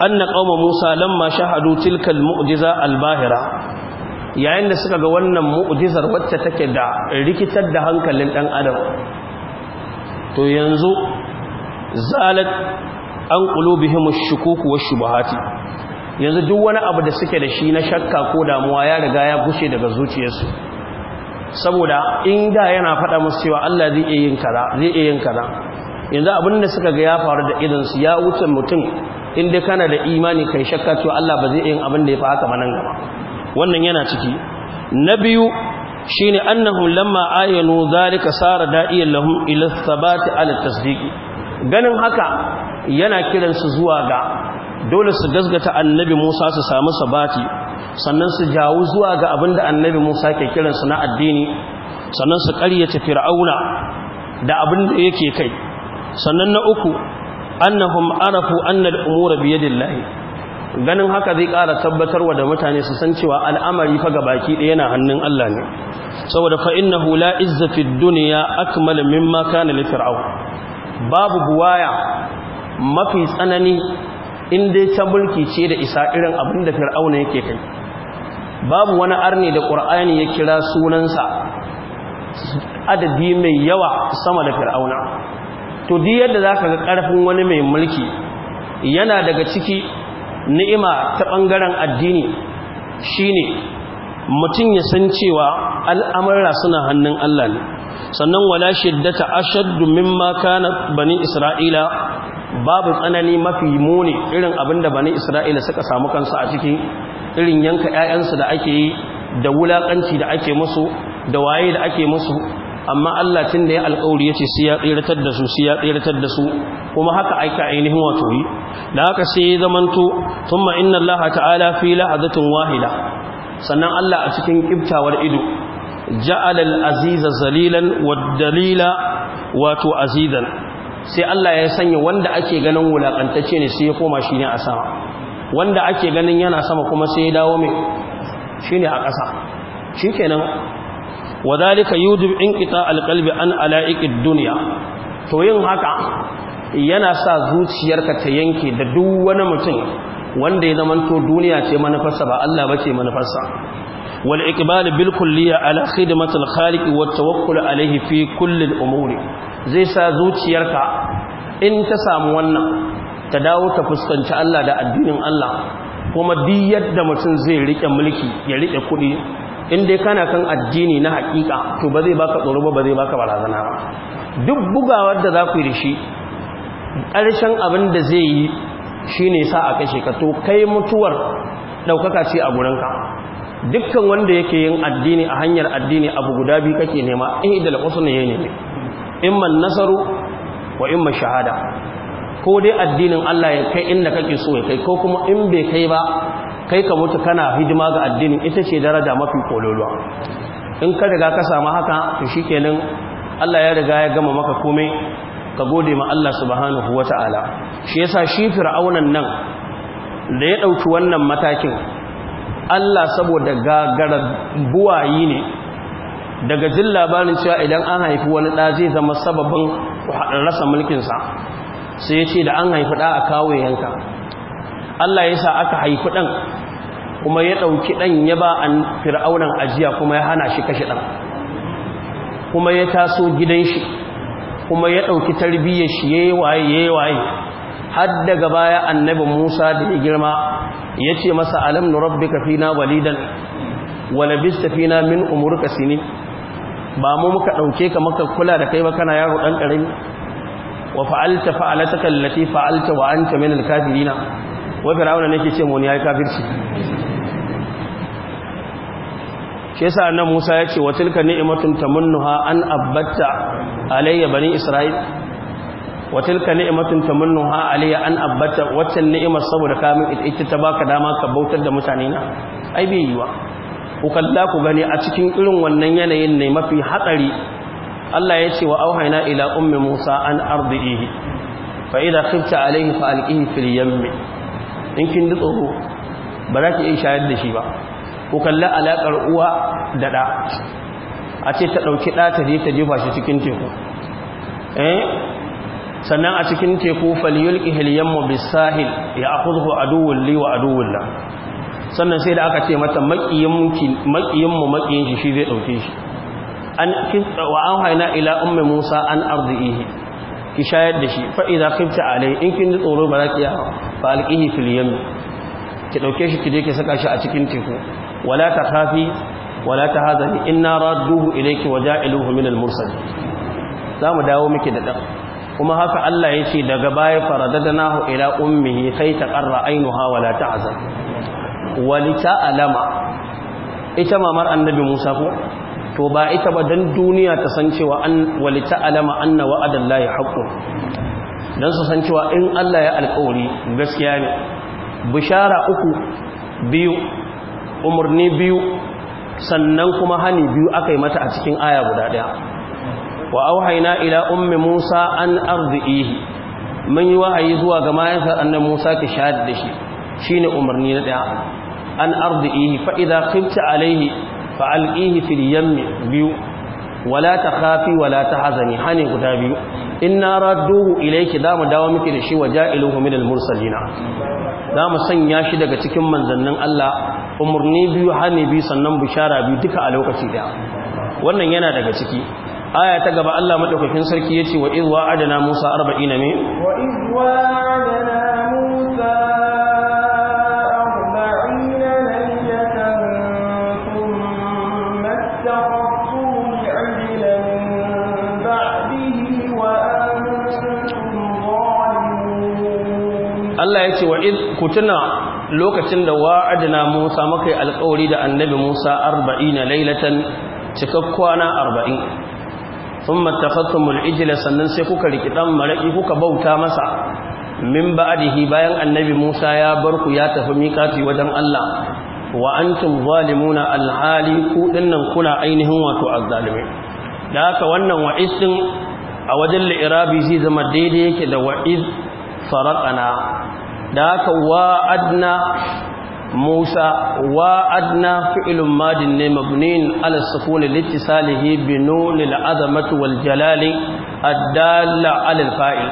na qauma Musa lamma shahadu tilka al albahira yayin da suka ga wannan mu'jizar wacce take da rikitar da hankalin dan adam to yanzu zalat an qulubihim ash-shukuk wash yanzu duk wani abu da suke da shi na shakka ko damuwa ya riga ya gushe daga zuciyarsu saboda in da yana faɗa musu cewa Allah zai iya yin kaza zai iya yin kaza yanzu abin da suka ga ya faru da idan su ya wuce mutum in dai kana da imani kai shakka cewa Allah ba zai iya yin abin da ya fa ba nan gaba wannan yana ciki na biyu shine annahum lamma ayanu zalika sara da'iyan lahum ila thabati ala tasdiqi ganin haka yana kiransu zuwa ga dole su gasgata annabi Musa su samu sabati sannan su jawo zuwa ga abin da annabi Musa ke kiransu na addini sannan su ƙaryata fir'auna da abin da yake kai sannan na uku annahum arafu annal umura biyadillahi ganin haka zai ƙara tabbatarwa da mutane su san cewa al'amari fa ga baki ɗaya na hannun Allah ne saboda fa innahu la izza fi dunya akmal mimma kana li fir'aun babu buwaya mafi tsanani in dai ta mulki ce da isa irin abin da fir'auna yake kai babu wani arni da qur'ani ya kira sunansa adadi mai yawa sama da fir'auna to duk yadda za ga ƙarfin wani mai mulki yana daga ciki ni'ima ta ɓangaren addini shine mutum ya san cewa al'amara suna hannun Allah ne sannan wala shiddata ashaddu mimma kana bani isra'ila babu tsanani mafi muni irin abinda bani isra'ila suka samu kansu a ciki irin yanka 'ya'yansu da ake yi da wulaƙanci da ake musu da waye da ake musu amma Allah tun da ya alƙawari ya ce su ya tsiratar da su su ya tsiratar da su kuma haka aika ainihin wato yi da haka sai ya zamanto tun ma inna Allah ta'ala fi lahazatin wahida sannan Allah a cikin kiftawar ido ja'alal aziza zalilan wa dalila wato azizan sai Allah ya sanya wanda ake ganin wulakantacce ne sai ya koma shi ne a sama wanda ake ganin yana sama kuma sai ya dawo mai shi ne a ƙasa shi kenan wadalika yujib inqita alqalbi an ala'iqid dunya to yin haka yana sa zuciyarka ta yanke da duk wani mutum wanda ya zamanto duniya ce manufarsa ba Allah ba ce manufarsa wal iqbal bil kulliya ala khidmati al khaliq wat tawakkul alayhi fi kulli al umuri zai sa zuciyarka in ta samu wannan ta dawo ta fuskanci Allah da addinin Allah kuma duk yadda mutum zai rike mulki ya rike kuɗi in dai kana kan addini na hakika to ba zai baka tsoro ba ba zai baka barazana ba duk bugawar da za ku yi da shi ƙarshen abin da zai yi shine sa a kashe ka to kai mutuwar ɗaukaka ce a gurinka dukkan wanda yake yin addini a hanyar addini abu guda biyu kake nema ihdal husna yayi ne imman nasaru wa imman shahada ko dai addinin Allah ya kai inda kake so ya kai ko kuma in bai kai ba kai ka mutu kana hidima ga addinin ita ce daraja mafi kololuwa in ka riga ka samu haka to shikenan Allah ya riga ya gama maka komai ka gode ma Allah subhanahu wata'ala shi yasa shi fir'aunan nan da ya dauki wannan matakin Allah saboda gagarar buwayi ne daga jin labarin cewa idan an haifi wani ɗa zai zama sababin rasa mulkinsa sai ya ce da an haifi ɗa a kawo yanka Allah ya sa aka haifi ɗan kuma ya ɗauki ɗan ya ba an fir'aunan ajiya kuma ya hana shi kashe ɗan kuma ya taso gidan shi kuma ya ɗauki tarbiyyar shi ya yi waye ya yi waye har daga baya annabi musa da ya girma ya ce masa alam nurabbika fina walidan wa labista fina min umurka sinin ba mu muka ɗauke ka muka kula da kai ba kana yaro ɗan ƙarami wa fa'alta fa'alataka allati fa'alta wa anta min al-kafirina wa fir'auna nake ce mu ne yayi kafirci shi sa annan Musa ya ce wa tilka ni'matun tamannuha an abatta alayya bani isra'il wa tilka ni'matun tamannuha alayya an abatta wacce ni'imar saboda kamin ita ta baka dama ka bautar da mutane na ai bai yiwa ku kalla ku gani a cikin irin wannan yanayin ne mafi hatsari Allah ya ce wa auhaina ila ummi Musa an ardihi fa idza khifta alayhi fa alqihi fil yammi in kin tsoro ba za ki iya shayar da shi ba ku kalla alakar uwa da da a ce ta dauki da ta je ta jefa shi cikin teku eh sannan a cikin teku falyulqi hil yammu bis sahil ya akhudhu aduwwun li wa aduwwun la sannan sai da aka ce mata maƙiyinmu maƙiyin shi shi zai ɗauke shi wa an haina ila umar musa an arzihi ki shayar da shi fa'iza kifta alai in kin ji tsoro ba za ki yawa ba alƙihi filiyan ki ɗauke shi ki je ki saka shi a cikin teku wala ta kafi wala ta hazani inna radduhu ilayki wa ja'iluhu min al za mu dawo miki da ɗan kuma haka Allah ya ce daga baya nahu ila ummihi kai ta qarra ainuha wala ta azar. walita alama ita mamar annabi musa ko to ba ita ba dan duniya ta san cewa an walita alama anna wa'adallahi haqqun dan su san cewa in Allah ya alƙawari gaskiya ne bishara uku biyu umarni biyu sannan kuma hani biyu aka yi mata a cikin aya guda ɗaya wa auhayna ila ummi musa an ardihi mun yi wa'ayi zuwa ga mayansa annabi musa ki shahada da shi shine umarni na daya an ardihi fa idza khifta alayhi fa alqihi fil yammi biyu wala takhafi wala tahzani hani guda biyu inna radduhu ilayki zamu dawo miki da shi waja'iluhu minal mursalina zamu sanya shi daga cikin manzannin Allah umarni biyu hani biyu sannan bishara biyu duka a lokaci daya wannan yana daga ciki aya ta gaba Allah madaukakin sarki yace wa idh adana Musa 40 ne wa Musa ku tuna lokacin da wa'adna Musa yi alƙawari da annabi Musa 40 lailatan cikak kwana 40 thumma tafattumul sannan sai kuka rikidan maraki kuka bauta masa min ba'dihi bayan annabi Musa ya bar ku ya tafi miƙati wajen Allah wa antum zalimuna alhali ku dinnan kuna ainihin wato azzalimi da haka wannan wa'iz din a wajen li'rabi zai zama daidai yake da wa'iz faraqana da haka wa'adna Musa wa'adna fi'ilun madin ne mabnin al-sukuni littisalihi bi nunil azamati wal jalali addalla alal fa'il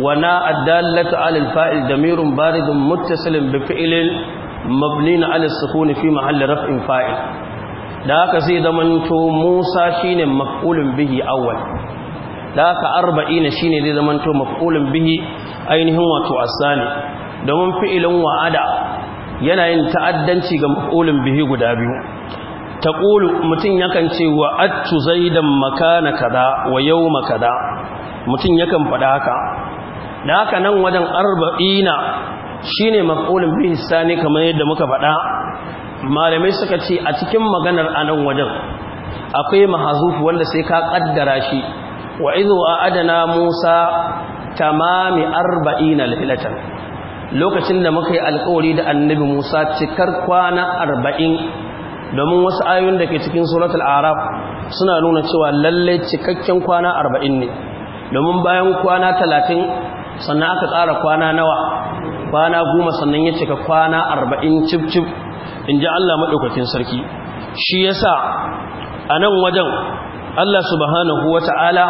wana addallatu alal fa'il damirun baridun muttasilin bi fi'ilin mabnin al-sukuni fi mahalli raf'in fa'il da haka sai zamanto Musa shine maf'ulun bihi awwal da haka arba'ina shine zai zamanto maf'ulun bihi ainihin wato asani domin fi'ilin wa'ada yana yin ta'addanci ga maf'ulin bihi guda biyu Taƙulu mutum yakan ce wa'attu zaidan makana kaza wa yawma kaza Mutum yakan faɗa haka da haka nan wajen arba'ina shine maf'ulin bihi sani kamar yadda muka faɗa malamai suka ce a cikin maganar anan wajen akwai mahazuf wanda sai ka kaddara shi wa idhu adana musa tamami arba'ina lilatan lokacin da muka yi alkawari da annabi Musa cikar kwana arba'in domin wasu ayoyin da ke cikin suratul araf suna nuna cewa lalle cikakken kwana arba'in ne domin bayan kwana talatin sannan aka tsara kwana nawa kwana goma sannan ya cika kwana arba'in cif cif in ji Allah maɗaukakin sarki shi ya sa a nan wajen Allah subhanahu wata'ala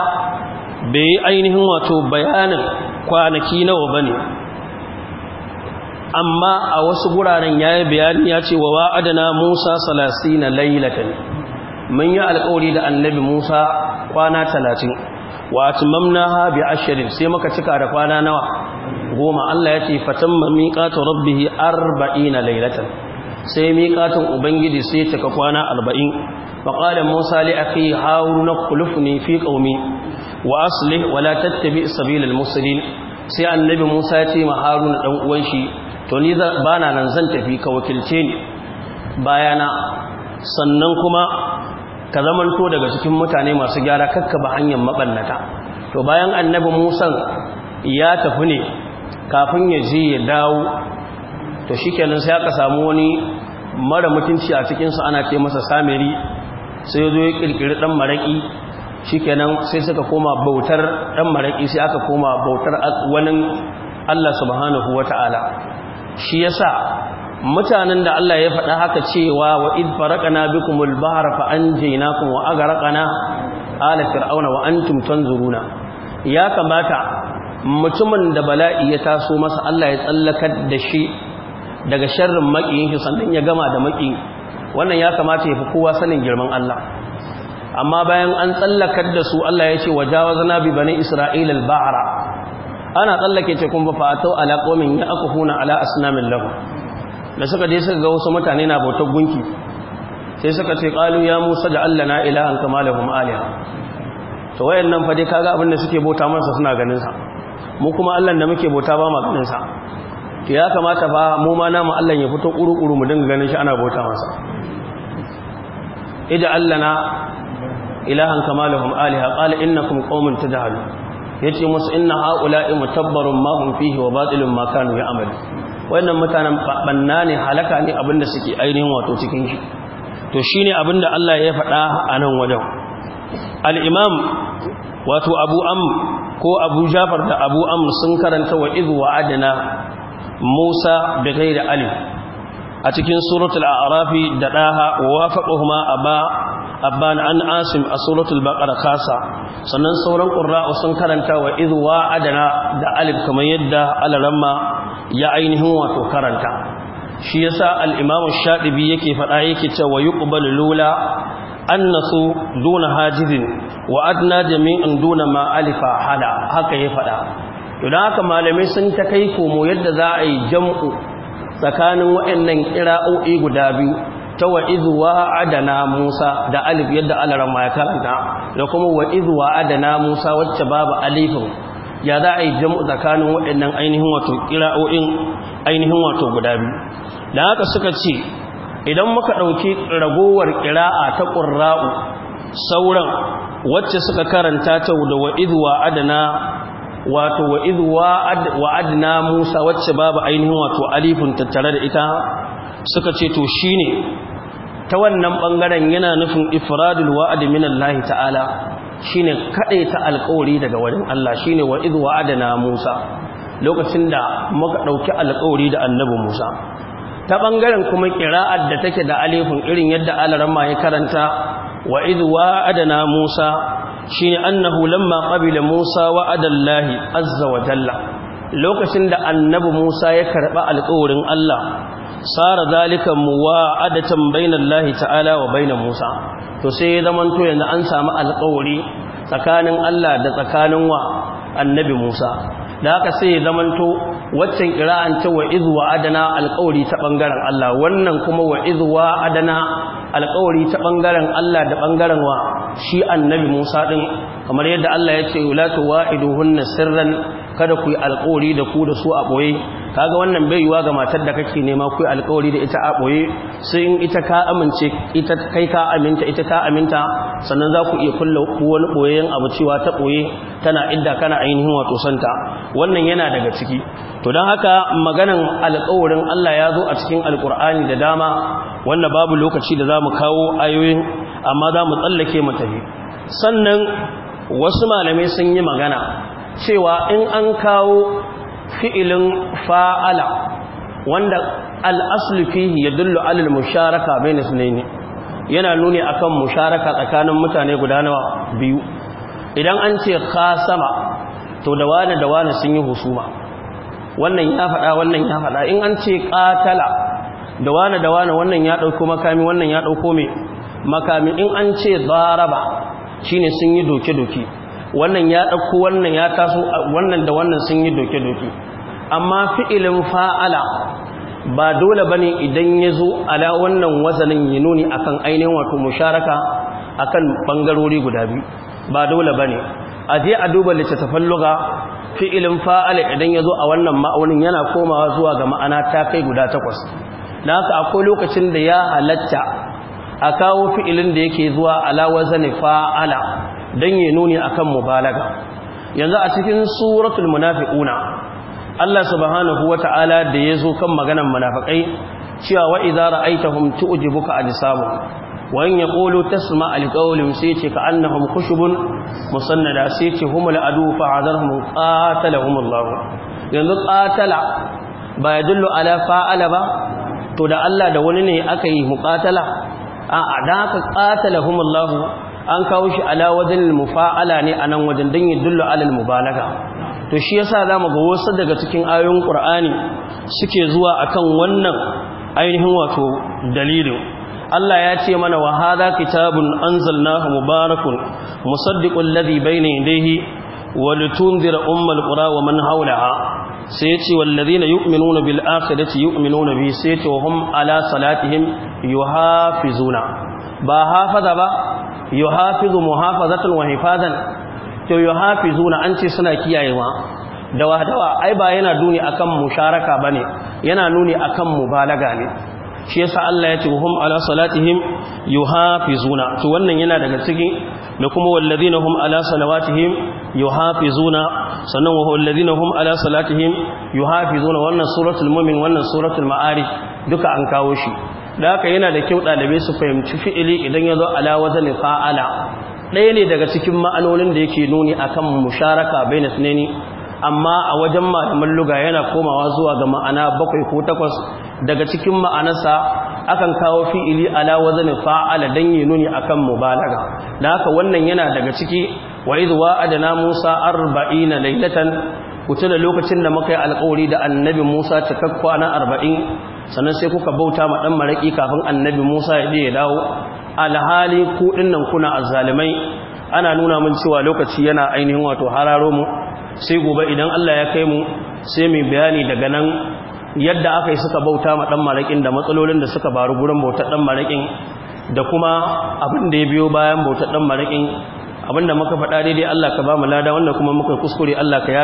bai yi ainihin wato bayanin kwanaki nawa ba ne. amma a wasu guraren ya yi bayani ya ce wa wa'adana musa na lailatan mun yi alkawari da annabi musa kwana talatin wa atmamna ha ashirin sai muka cika da kwana nawa goma allah ya ce fatan ma miƙatun rabbihi na lailatan sai miƙatun ubangiji sai cika kwana arba'in faƙaɗa musa li ake haruna ne fi ƙaumi wa asli wala tattabi sabilil musulun sai annabi musa ya ce ma haruna ɗan uwan shi to ni ba na nan zan tafi ka wakilce ni bayana sannan kuma ka zamanto daga cikin mutane masu gyara kakka ba hanyar maɓannata to bayan annabi musan ya tafi ne kafin ya je ya dawo to shi kenan sai aka samu wani mara mutunci a cikinsu ana ce masa samiri sai ya zo ya ƙirƙiri ɗan maraƙi shi kenan sai suka koma bautar ɗan maraƙi sai aka koma bautar wani allah subhanahu wa shi yasa mutanen da Allah ya faɗa haka cewa wa id faraqana bikumul bahra fa anjaynakum wa agraqana ala fir'auna wa antum tanzuruna ya kamata mutumin da bala'i ya taso masa Allah ya tsallakar da shi daga sharrin makiyin shi sannan ya gama da maki wannan ya kamata ya fi kowa sanin girman Allah amma bayan an tsallakar da su Allah ya ce wajawazna bi bani isra'ila al-bahra ana tsallake ce kun ba to ala qomin ya huna ala asnamin lahu da suka je suka ga wasu mutane na bautar gunki sai suka ce qalu ya musa da allana ilahan kama lahum aliha to wayannan fa dai kaga abin da suke bauta masa suna ganin sa mu kuma Allah da muke bauta ba ma ganin sa to ya kamata fa mu ma namu Allah ya fito kuru-kuru mu dinga ganin shi ana bauta masa ida allana ilahan kama lahum aliha qala innakum qaumun tadhalun yace musu inna haula'i mutabbarun ma hum fihi wa batilun ma ya ya'malu wannan mutanen banna ne halaka ne abinda suke ainihin wato cikin shi to shine abinda Allah ya faɗa a nan wajen al-imam wato Abu Am ko Abu Jafar da Abu Am sun karanta wa idh wa'adna Musa bi ghairi alif a cikin suratul arafi da daha wafaqahuma aba abban an asim a suratul baqara kasa sannan sauran qurra'u sun karanta wa idh adana da alif kamar yadda alaramma ya ainihin wato karanta shi yasa al-imam shadibi yake fada yake cewa yuqbalu lula annasu duna hajizin wa adna jami'an duna ma alifa hala haka ya fada idan haka malamai sun ta kai komo yadda za a yi jam'u tsakanin waɗannan kira'o'i guda biyu ta wa adana Musa da alif yadda alaran ma ya karanta da kuma wa adana Musa wacce babu alifin ya za a yi jam'u tsakanin waɗannan ainihin wato kira'o'in ainihin wato guda biyu da haka suka ce idan muka ɗauki ragowar ƙira'a ta ƙurra'u sauran wacce suka karanta ta da wa adana wa'adana wato wa idh Musa wacce babu ainihin wato alifin tattare da ita suka ce to shi ne ta wannan ɓangaren yana nufin ifradul wa'd min Allah ta'ala ne kaɗai ta alƙawari daga wajen Allah shine wa idh wa'adna Musa lokacin da muka ɗauki alƙawari da annabi Musa ta ɓangaren kuma qira'ar da take da alifin irin yadda alarama ya karanta wa idh wa'adna Musa ne annahu lamma qabila Musa wa'adallahi azza wa jalla lokacin da annabi Musa ya karba alƙawarin Allah sara adatan bainan bainallahi ta'ala wa bainan Musa to sai ya zaman to yanzu an samu alƙawari tsakanin Allah da tsakanin wa annabi Musa da haka sai ya zaman to waccan qira'an ta wa iz wa adana alƙawari ta bangaren Allah wannan kuma wa iz wa adana alƙawari ta bangaren Allah da bangaren wa shi annabi Musa din kamar yadda Allah ya ce la tuwa'iduhunna sirran kada ku yi alƙawari da ku da su a ɓoye kaga wannan bai yiwa ga matar da kake nema ku yi alƙawari da ita a ɓoye sai in ita ka amince ita kai ka aminta ita ka aminta sannan za ku iya kulla wani ɓoyeyan abu cewa ta ɓoye tana idda kana ainihin wato santa wannan yana daga ciki to don haka maganan alƙawarin Allah ya zo a cikin alƙur'ani da dama wanda babu lokaci da za mu kawo ayoyin amma za mu tsallake mu tafi sannan wasu malamai sun yi magana cewa in an kawo fi'ilin fa'ala wanda al'aslu fihi ya dullu alil musharaka bai ne yana nuni akan musharaka tsakanin mutane guda nawa biyu idan an ce ka sama, to da wani da wani sun yi husuma wannan ya faɗa wannan ya faɗa in an ce ƙatala da wani da wani wannan ya ɗauko makami wannan ya ɗauko mai makami in an ce zaraba shine sun yi doke-doke wannan ya ɗauko wannan ya taso wannan da wannan sun yi doke-doke amma fi'ilin fa'ala ba dole ba ne idan ya zo ala wannan wazanin yi nuni a kan ainihin wato musharaka kan ɓangarori guda biyu ba dole ba ne a je a duba littattafan luga fi'ilin fa'ala idan ya zo a wannan ma'aunin yana komawa zuwa ga ma'ana ta kai guda takwas na haka akwai lokacin da ya halatta a kawo fi'ilin da yake zuwa ala wazanin fa'ala dan ya nuni akan mubalaga yanzu a cikin suratul munafiquna Allah subhanahu wata'ala da ya zo kan maganar munafiƙai cewa wa idza ra'aitahum tu'jibuka ajsamu wa in yaqulu tasma' alqawlin sai ce ka annahum khushubun musannada sai ce humul adu fa'adharhum qatalahum Allah yanzu qatala ba yadullu ala fa'ala ba to da Allah da wani ne aka yi muqatala a adaka qatalahum Allah an kawo shi ala wajen mufa'ala ne a nan wajen don yi dullu alal mubalaga to shi yasa za mu ga wasu daga cikin ayoyin ƙur'ani suke zuwa akan wannan ainihin wato dalilin Allah ya ce mana wa hadha kitabun anzalnahu mubarakun musaddiqul ladhi bayna yadayhi wa litunzira ummal qura wa man hawlaha sai ya ce wallazina yu'minuna bil akhirati yu'minuna bi sai ya wa ala salatihim yuhafizuna ba hafaza ba yuhafizu muhafazatan wa hifazan to yuhafizuna an ce suna kiyayewa da wahdawa ai ba yana duni akan musharaka ne yana nuni akan mubalaga ne shi yasa Allah ya ce hum ala salatihim yuhafizuna to wannan yana daga ciki? da kuma wallazina hum ala salawatihim yuhafizuna sannan wa wallazina hum ala salatihim yuhafizuna wannan suratul mu'min wannan suratul ma'arij duka an kawo shi da haka yana da kyau ɗalibai su fahimci fi'ili idan ya zo ala ne fa'ala ɗaya ne daga cikin ma'anonin da yake nuni akan musharaka bai na sunani amma a wajen malaman luga yana komawa zuwa ga ma'ana bakwai ko takwas daga cikin ma'anarsa akan kawo fi'ili ala ne fa'ala don yi nuni akan mubalaga da haka wannan yana daga ciki wa adana wa'adna musa arba'ina laylatan ku tuna lokacin da muka yi alƙawari da annabi Musa cikak kwana arba'in sannan sai kuka bauta ma ɗan maraki kafin annabi Musa ya ɗaya dawo alhali ku nan kuna azzalimai ana nuna mun cewa lokaci yana ainihin wato hararo mu sai gobe idan Allah ya kai mu sai mai bayani daga nan yadda aka yi suka bauta ma ɗan maraƙin da matsalolin da suka faru gurin bautar ɗan maraƙin. da kuma abin da ya biyo bayan bautar maraƙin. Abin da muka faɗa daidai Allah ka ba mu lada wanda kuma muka kuskure Allah ka